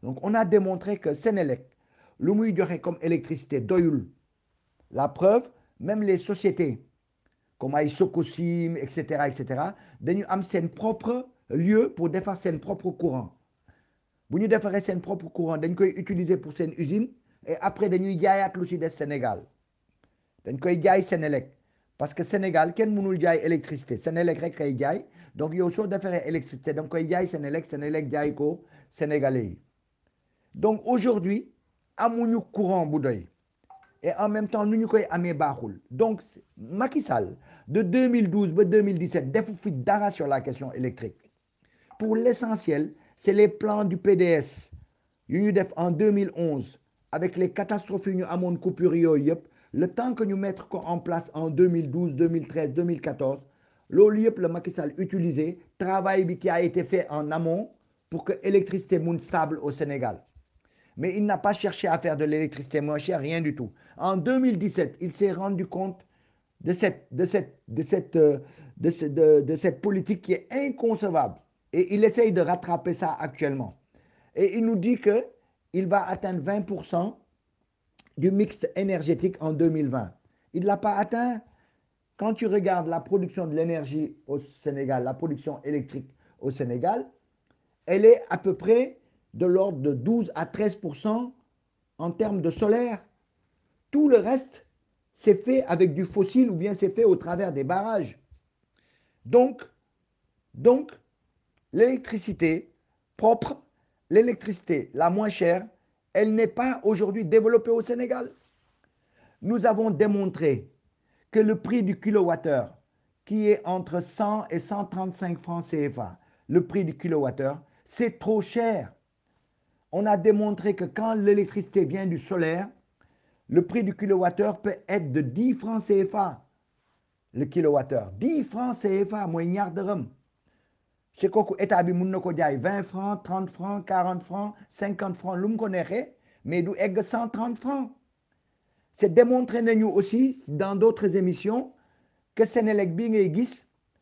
Donc, on a démontré que Sénélec, électricité. durait comme électricité doyul la preuve même les sociétés comme Aïsokosim, etc. etc., etc., et propre lieu pour défaire seen propre courant Vous nous defaree propre courant que koy utiliser pour une usine et après dañuy jaayaat lu ci des Sénégal dañ koy jaay Sénélec parce que Sénégal ken mënul jaay électricité Sénélec rek kay jaay donc yow soo defaree électricité da nga koy jaay Sénélec Sénélec jaay ko Sénégalais donc aujourd'hui amuñu courant bu doy et en même temps nu koy amé baxul donc Macky Sall de 2012 ba 2017 defu fi dara sur la question électrique pour l'essentiel c'est les plans du PDS en 2011 avec les catastrophes à ñu avons coupure le temps que nous mettre en place en 2012 2013 2014 l'eau le le Makissal utilisé travail qui a été fait en amont pour que l'électricité monte stable au Sénégal mais il n'a pas cherché à faire de l'électricité moins chère rien du tout en 2017 il s'est rendu compte de cette de cette de cette euh, de de cette politique qui est inconcevable et il essaye de rattraper ça actuellement et il nous dit que il va atteindre 20% du mix énergétique en 2020. Il ne l'a pas atteint. Quand tu regardes la production de l'énergie au Sénégal, la production électrique au Sénégal, elle est à peu près de l'ordre de 12 à 13% en termes de solaire. Tout le reste, c'est fait avec du fossile ou bien c'est fait au travers des barrages. Donc, donc l'électricité propre l'électricité la moins chère, elle n'est pas aujourd'hui développée au Sénégal. Nous avons démontré que le prix du kilowattheure, qui est entre 100 et 135 francs CFA, le prix du kilowattheure, c'est trop cher. On a démontré que quand l'électricité vient du solaire, le prix du kilowattheure peut être de 10 francs CFA. Le kilowattheure, 10 francs CFA, moins de rhum. C'est quoi que moun 20 francs, 30 francs, 40 francs, 50 francs. mais konen mais mais dou 130 francs. C'est démontré nous dans d'autres émissions émissions que sénégal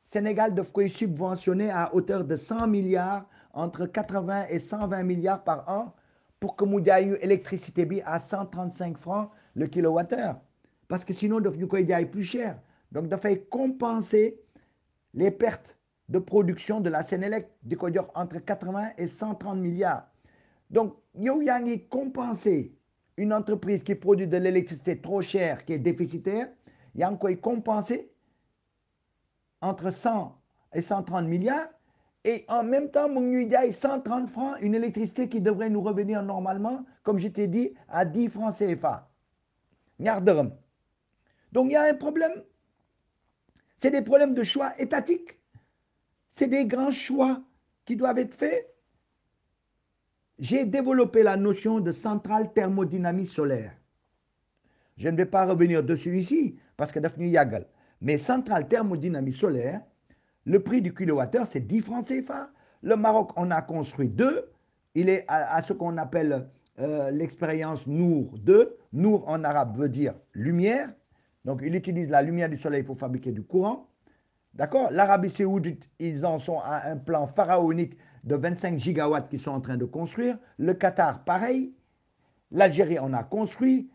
Sénégal bin de subventionné à hauteur de 100 milliards, entre 80 et 120 milliards par an, pour que nous ayons à bi 135 francs le Parce que sinon nous devons koy plus cher. Donc, il faut compenser les pertes de production de la Sénélec entre 80 et 130 milliards. Donc, est compensé une entreprise qui produit de l'électricité trop chère, qui est déficitaire, Yanko est compensé entre 100 et 130 milliards. Et en même temps, est 130 francs, une électricité qui devrait nous revenir normalement, comme je t'ai dit, à 10 francs CFA. Donc il y a un problème. C'est des problèmes de choix étatiques. C'est des grands choix qui doivent être faits. J'ai développé la notion de centrale thermodynamique solaire. Je ne vais pas revenir dessus ici, parce que Daphne Yagal. Mais centrale thermodynamique solaire, le prix du kilowattheure, c'est 10 francs CFA. Le Maroc on a construit deux. Il est à, ce qu'on appelle euh, l'expérience Nour 2. Nour en arabe veut dire lumière. Donc il utilise la lumière du soleil pour fabriquer du courant. D'accord L'Arabie saoudite, ils en sont à un plan pharaonique de 25 gigawatts qu'ils sont en train de construire. Le Qatar, pareil. L'Algérie on a construit.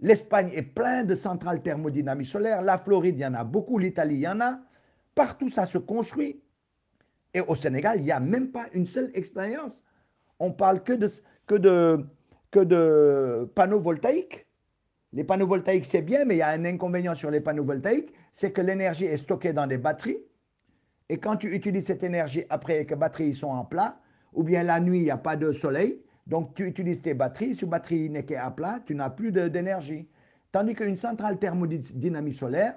L'Espagne est plein de centrales thermodynamiques solaires. La Floride, il y en a beaucoup. L'Italie, il y en a. Partout, ça se construit. Et au Sénégal, il n'y a même pas une seule expérience. On parle que de, que de, que de panneaux voltaïques. Les panneaux voltaïques, c'est bien, mais il y a un inconvénient sur les panneaux voltaïques, c'est que l'énergie est stockée dans des batteries. Et quand tu utilises cette énergie après que les batteries sont en plat, ou bien la nuit, il n'y a pas de soleil, donc tu utilises tes batteries. Si la batterie n'est qu'à plat, tu n'as plus d'énergie. Tandis qu'une centrale thermodynamique solaire,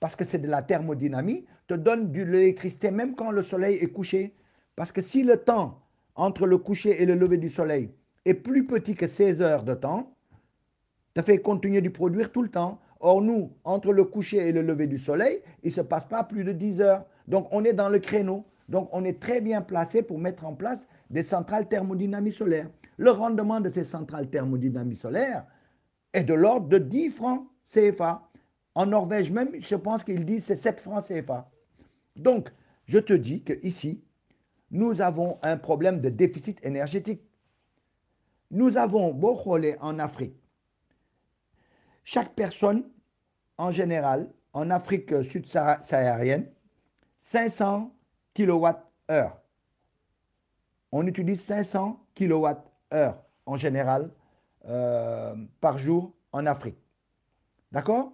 parce que c'est de la thermodynamie, te donne de l'électricité même quand le soleil est couché. Parce que si le temps entre le coucher et le lever du soleil est plus petit que 16 heures de temps, tu fait continuer de produire tout le temps. Or, nous, entre le coucher et le lever du soleil, il ne se passe pas plus de 10 heures. Donc, on est dans le créneau. Donc, on est très bien placé pour mettre en place des centrales thermodynamiques solaires. Le rendement de ces centrales thermodynamiques solaires est de l'ordre de 10 francs CFA. En Norvège même, je pense qu'ils disent c'est 7 francs CFA. Donc, je te dis qu'ici, nous avons un problème de déficit énergétique. Nous avons, coller en Afrique, chaque personne, en général, en Afrique sud-saharienne, 500 kWh. On utilise 500 kWh en général euh, par jour en Afrique. D'accord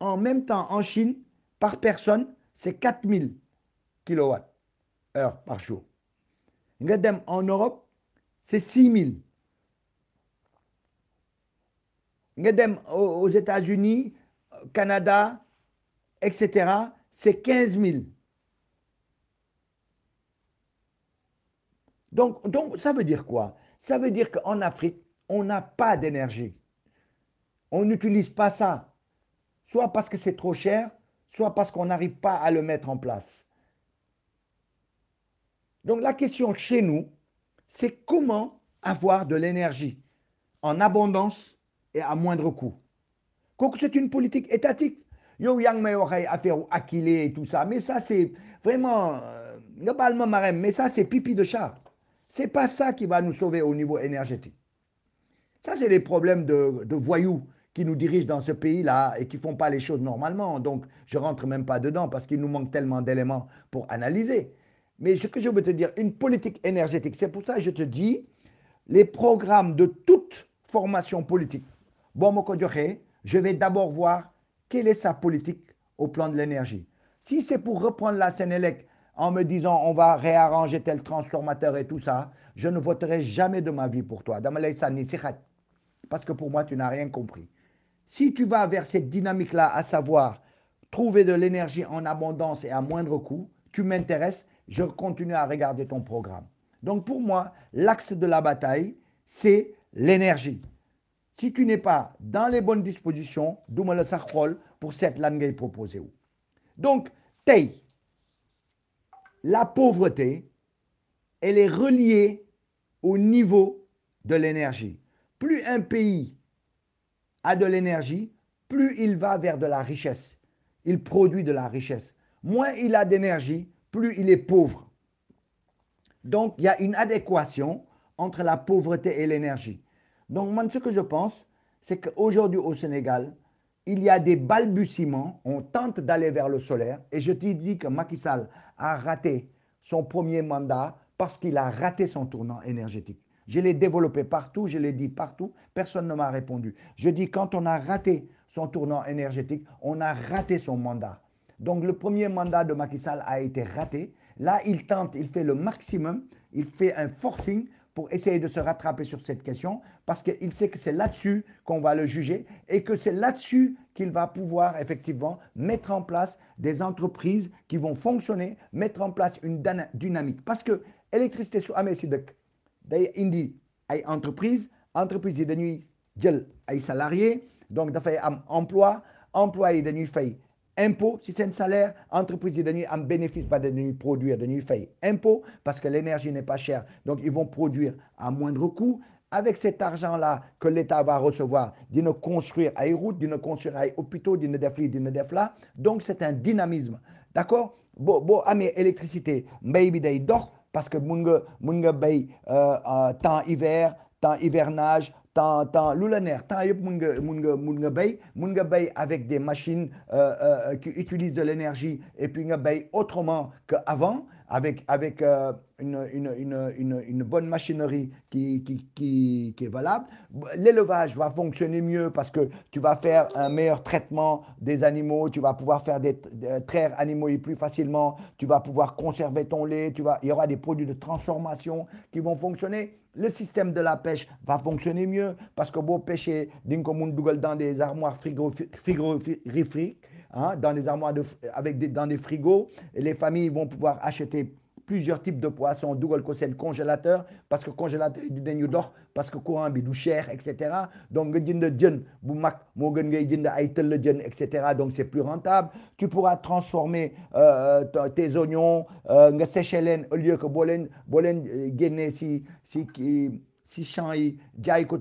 En même temps, en Chine, par personne, c'est 4000 kWh par jour. En Europe, c'est 6000 aux États-Unis, Canada, etc., c'est 15 000. Donc, donc, ça veut dire quoi Ça veut dire qu'en Afrique, on n'a pas d'énergie. On n'utilise pas ça. Soit parce que c'est trop cher, soit parce qu'on n'arrive pas à le mettre en place. Donc la question chez nous, c'est comment avoir de l'énergie en abondance et à moindre coût. c'est une politique étatique. Yo yang me aurait oh, affaire au Aquilé et tout ça, mais ça c'est vraiment euh, globalement marem, mais ça c'est pipi de chat. C'est pas ça qui va nous sauver au niveau énergétique. Ça c'est les problèmes de, de voyous qui nous dirigent dans ce pays-là et qui font pas les choses normalement. Donc je rentre même pas dedans parce qu'il nous manque tellement d'éléments pour analyser. Mais ce que je veux te dire, une politique énergétique, c'est pour ça que je te dis, les programmes de toute formation politique Bon, je vais d'abord voir quelle est sa politique au plan de l'énergie si c'est pour reprendre la Sénélec en me disant on va réarranger tel transformateur et tout ça je ne voterai jamais de ma vie pour toi parce que pour moi tu n'as rien compris si tu vas vers cette dynamique là à savoir trouver de l'énergie en abondance et à moindre coût tu m'intéresses je continue à regarder ton programme donc pour moi l'axe de la bataille c'est l'énergie si tu n'es pas dans les bonnes dispositions d'où me le pour cette langue proposée donc tey la pauvreté elle est reliée au niveau de l'énergie plus un pays a de l'énergie plus il va vers de la richesse il produit de la richesse moins il a d'énergie plus il est pauvre donc il y a une adéquation entre la pauvreté et l'énergie donc, moi, ce que je pense, c'est qu'aujourd'hui au Sénégal, il y a des balbutiements, on tente d'aller vers le solaire, et je te dis que Macky Sall a raté son premier mandat parce qu'il a raté son tournant énergétique. Je l'ai développé partout, je l'ai dit partout, personne ne m'a répondu. Je dis quand on a raté son tournant énergétique, on a raté son mandat. Donc le premier mandat de Macky Sall a été raté. Là, il tente, il fait le maximum, il fait un forcing pour essayer de se rattraper sur cette question, parce qu'il sait que c'est là-dessus qu'on va le juger et que c'est là-dessus qu'il va pouvoir effectivement mettre en place des entreprises qui vont fonctionner, mettre en place une dynamique. Parce que l'électricité, sous une d'ailleurs entreprise entreprise est nuit ay salariés donc dafay am emploi emploi de nuit fay Impôt, si c'est un salaire, entreprise de nuit en bénéfice, pas de nuit produire, de nuit fait. Impôt, parce que l'énergie n'est pas chère, donc ils vont produire à moindre coût. Avec cet argent-là que l'État va recevoir, d'une construire à route, d'une construire des hôpitaux, d'une défli, d'une défla. Donc c'est un dynamisme. D'accord Bon, bon, ah, mais électricité, dort, parce que euh, euh, temps hiver, temps hivernage, tant l'ulaner tant yep munga munga munga bay, avec des machines euh, euh, qui utilisent de l'énergie et puis nga autrement qu'avant avec avec euh, une une une une bonne machinerie qui qui qui qui est valable l'élevage va fonctionner mieux parce que tu vas faire un meilleur traitement des animaux tu vas pouvoir faire des traire animaux plus facilement tu vas pouvoir conserver ton lait tu vas il y aura des produits de transformation qui vont fonctionner le système de la pêche va fonctionner mieux parce que vous pêchez d'une commune Google dans des armoires frigorifiques, hein, dans des armoires de, avec des, dans des frigos, et les familles vont pouvoir acheter plusieurs types de poissons, Dougal Kosen congélateur, parce que congélateur du dañu d'or parce que courant bi du cher etc. donc nga bu d'une gën ngay donc c'est plus rentable tu pourras transformer euh, tes oignons euh, nga sécher leen au lieu que bolen bolen boo euh, si si si si champs yi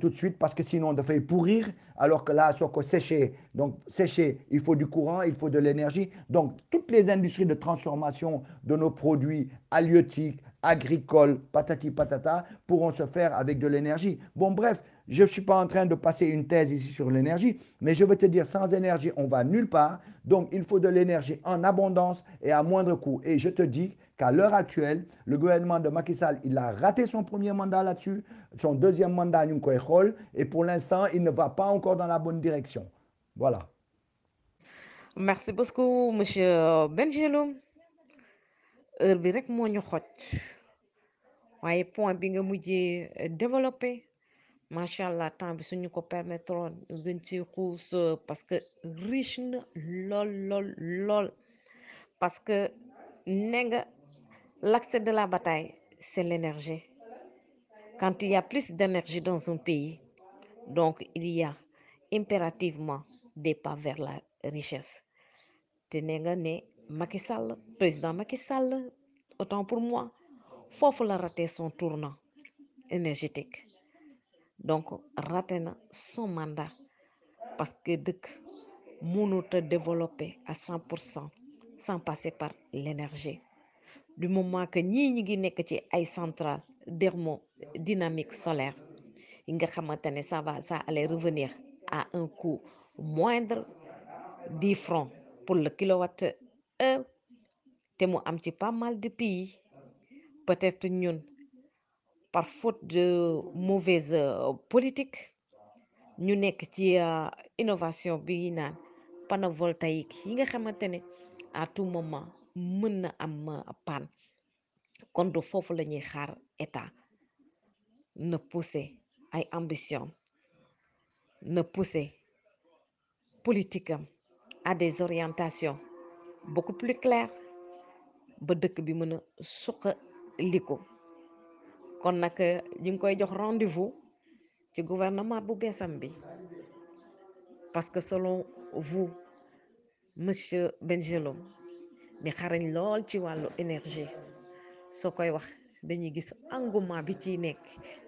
tout de suite parce que sinon fait pourrir alors que là, sur que sécher, donc sécher, il faut du courant, il faut de l'énergie. Donc, toutes les industries de transformation de nos produits halieutiques, agricoles, patati patata, pourront se faire avec de l'énergie. Bon, bref, je ne suis pas en train de passer une thèse ici sur l'énergie, mais je veux te dire, sans énergie, on va nulle part. Donc, il faut de l'énergie en abondance et à moindre coût. Et je te dis qu'à l'heure actuelle, le gouvernement de Macky Sall, il a raté son premier mandat là-dessus, son deuxième mandat, et pour l'instant, il ne va pas encore dans la bonne direction. Voilà. Merci beaucoup, monsieur Benjeloum. heure bi rek moo ñu xoj waaye point bi nga mujjee euh, développé macha allah temps bi suñu ko permettroon gën ci euh, parce que riche lol lol lol parce que ne L'accès de la bataille, c'est l'énergie. Quand il y a plus d'énergie dans un pays, donc il y a impérativement des pas vers la richesse. Ténégane, Macky président Macky autant pour moi, faut la rater son tournant énergétique. donc rater son mandat parce que nous mënut développer à 100% sans passer par l'énergie du moment que nous ñi ngi nekk ci ay centrale dynamique solaire yi nga xamante ça va ça allait revenir à un coût moindre 10 francs pour le kilowatt heure té mu am pas mal de pays peut-être ñun par faute de mauvaise euh, politique ñu nekk ci euh, innovation bi naan panovoltaïque yi nga à tout moment mën na am euh, panne kon du foofu la ñuy xaar état na pousser ay ambition na pousser politique à des orientations beaucoup plus claires ba dëkk bi mën a suqaliku kon nag euh, ñu ngi koy jox rendez-vous ci gouvernement bu beesam bi parce que selon vous monsieur Benjelom. ni xarañ lool ci walu énergie so koy wax dañuy gis engouement bi ci nekk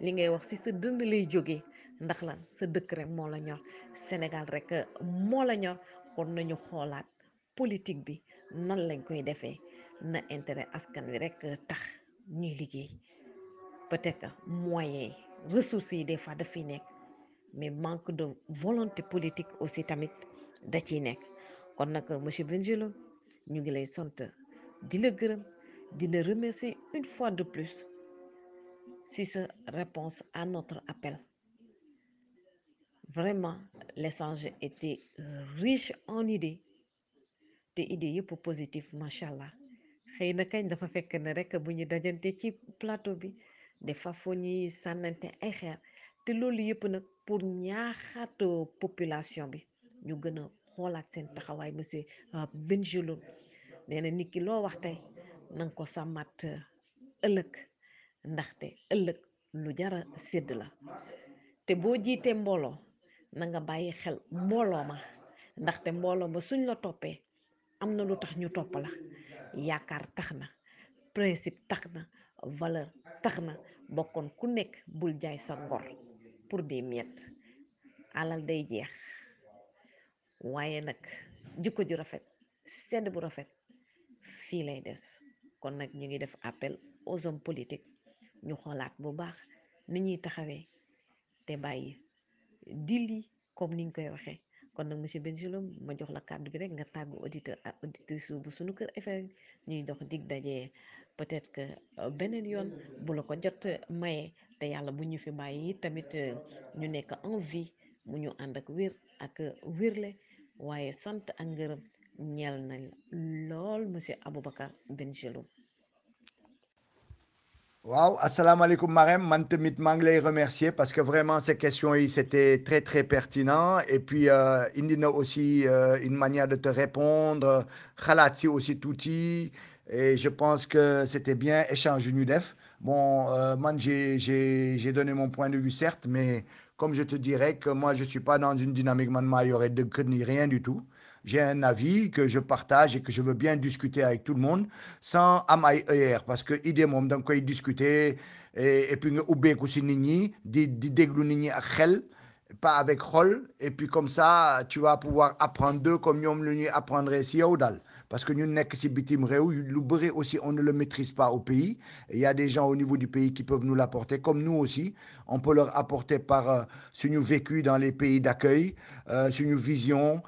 li ngay wax si sa dund lay jógee ndax lan sa dëkk rek moo la ñor sénégal rek euh, moo la ñor kon nañu xoolaat politique bi nan lañ koy defee na intérêt askan wi rek euh, tax ñuy liggéey peut-être moyen ressources yi des fois da fiy nekk mais manque de volonté politique aussi tamit da ciy nekk kon nag euh, monsieur ñu ngi lay sant di la gërëm di remercier une fois de plus si sa réponse à notre appel vraiment l'échange était riche en idées des idées yëpp positif macha allah xëy na kañ dafa fekk ne rek bu ñu dajante ci plateau bi dafa foo ñuy sànnante ay xeer te loolu yëpp nag pour ñaaxaatoo population bi ñu gën xoolaat seen taxawaay monsieur euh, Bengeloun nee na nit ki loo wax tey na nga ko sàmmaat euh, ëllëg ndaxte ëllëg lu jara sedd la te boo jiitee mbooloo na nga bàyyi xel mbooloo ma ndaxte mbooloo ma suñ la toppee am na lu tax ñu topp la yaakaar tax na principe tax na valeur tax na bokkoon ku nekk bul jaay sa ngor pour des miettes alal day jeex waaye nag jikko ju rafet sedd bu rafet fii lay des kon nag ñu ngi def appel aux hommes politiques ñu xoolaat bu baax ni ñuy taxawee te bàyyi dil yi comme niñ koy waxee kon nag monsieur benn Bengelloune ma jox la kàddu gi rek nga tàggu auditeur ak auditrice bu sunu kër FM ñuy dox dig dajee peut-être que euh, beneen yoon bu la ko jot maye te yàlla bu ñu fi bàyyi tamit euh, ñu nekk en vie mu ñu ànd ak wér ak wérle waaye sant ak ngërëm ñeel nañ lool monsieur Aboubacar ben man m'it remercier parce que vraiment ces questions là c'était très très pertinent et puis euh, il y aussi euh, une manière de te répondre Khalati aussi tout et je pense que c'était bien échange Nudef. bon euh, man j'ai j'ai donné mon point de vue certes mais comme je te dirais que moi, je ne suis pas dans une dynamique man et de ni rien du tout. J'ai un avis que je partage et que je veux bien discuter avec tout le monde sans amayer, parce que y mom dang discuter et, et puis ou bien ci nit nini di pas avec roll et puis comme ça tu vas pouvoir apprendre d'eux comme yom apprendrait si apprendre Oudal parce que nous que si aussi on ne le maîtrise pas au pays il y a des gens au niveau du pays qui peuvent nous l'apporter comme nous aussi on peut leur apporter par nous euh, nous vécu dans les pays d'accueil euh, nous vision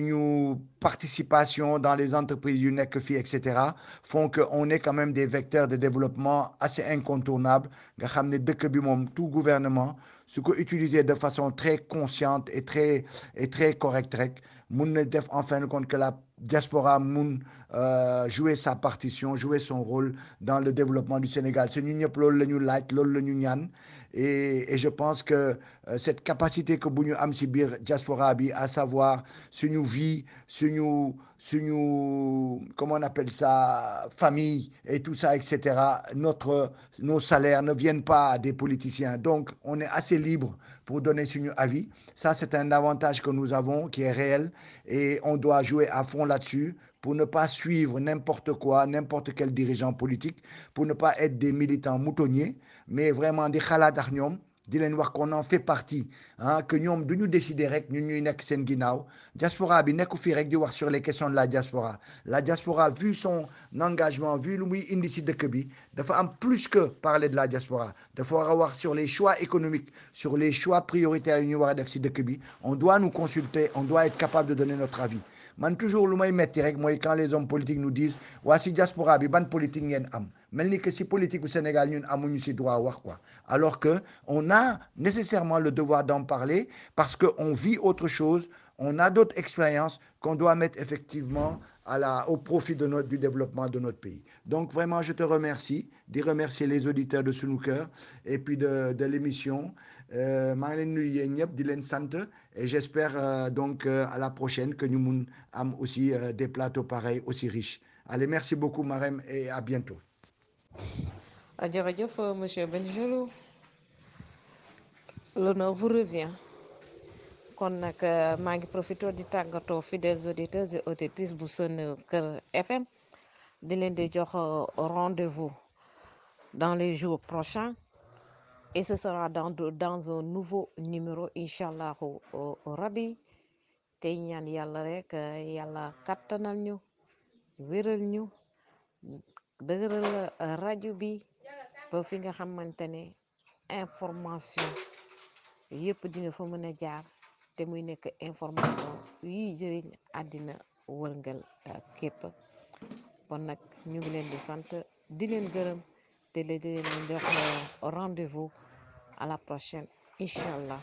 nous participation dans les entreprises yu etc. etc., font qu'on est quand même des vecteurs de développement assez incontournables nga de que tout gouvernement ce ko de façon très consciente et très et très correcte en fin de compte que la diaspora euh, jouait sa partition jouer son rôle dans le développement du Sénégal nous, et, je pense que euh, cette capacité que bu Amsibir am ci à diaspora ce à savoir nous, vie ce nous, comment on appelle ça famille et tout ça etc notre nos salaires ne viennent pas des politiciens donc on est assez libre pour donner nous avis ça c'est un avantage que nous avons qui est réel et on doit jouer à fond là-dessus pour ne pas suivre n'importe quoi n'importe quel dirigeant politique pour ne pas être des militants moutonniers mais vraiment des xalaat ak di qu'on en fait partie ah que nous, duñu décider rek ñun ñuy diaspora bi rek di sur les questions de la diaspora la diaspora vu son engagement vu lu de indi de dëkk bi plus que parler de la diaspora Il faut avoir sur les choix économiques sur les choix prioritaires à ñu on doit nous consulter on doit être capable de donner notre avis man toujours lu quand les hommes politiques nous disent voici diaspora bi ban politique am ni que si politique Sénégal ñun amuñu droit wax quoi alors que on a nécessairement le devoir d'en parler parce qu'on vit autre chose on a d'autres expériences qu'on doit mettre effectivement à la, au profit du développement de notre pays. Donc vraiment, je te remercie, d'y remercier les auditeurs de Snooker et puis de l'émission. Euh, maa ngi leen nuyu ñëpp di leen sant et j'espère euh, donc euh, à la prochaine que nous mun aussi des plateaux pareils aussi riches allez merci beaucoup Marème et à bientôt. jërëjëf monsieur Bengelou l'honneur vous revient kon nag maa ngi profité di tàggatoo fidèles auditeurs et auditrices bu Sunuker FM di leen di jox rendez-vous dans les jours prochains. Et ce sera dans, dans un nouveau numéro, Inch'Allah, au, Rabbi. te ñaan yàlla rek euh, yalla kattanal ñu wéral ñu dëgëral euh, rajo bi ba fi nga xamantene information yëpp dina fa mëna jaar te muy nekk information yi jëriñ adina wërngal euh, képp kon nak ñu ngi leen di sante di leen gërëm te leen di rendez-vous À la prochaine, Inch'Allah.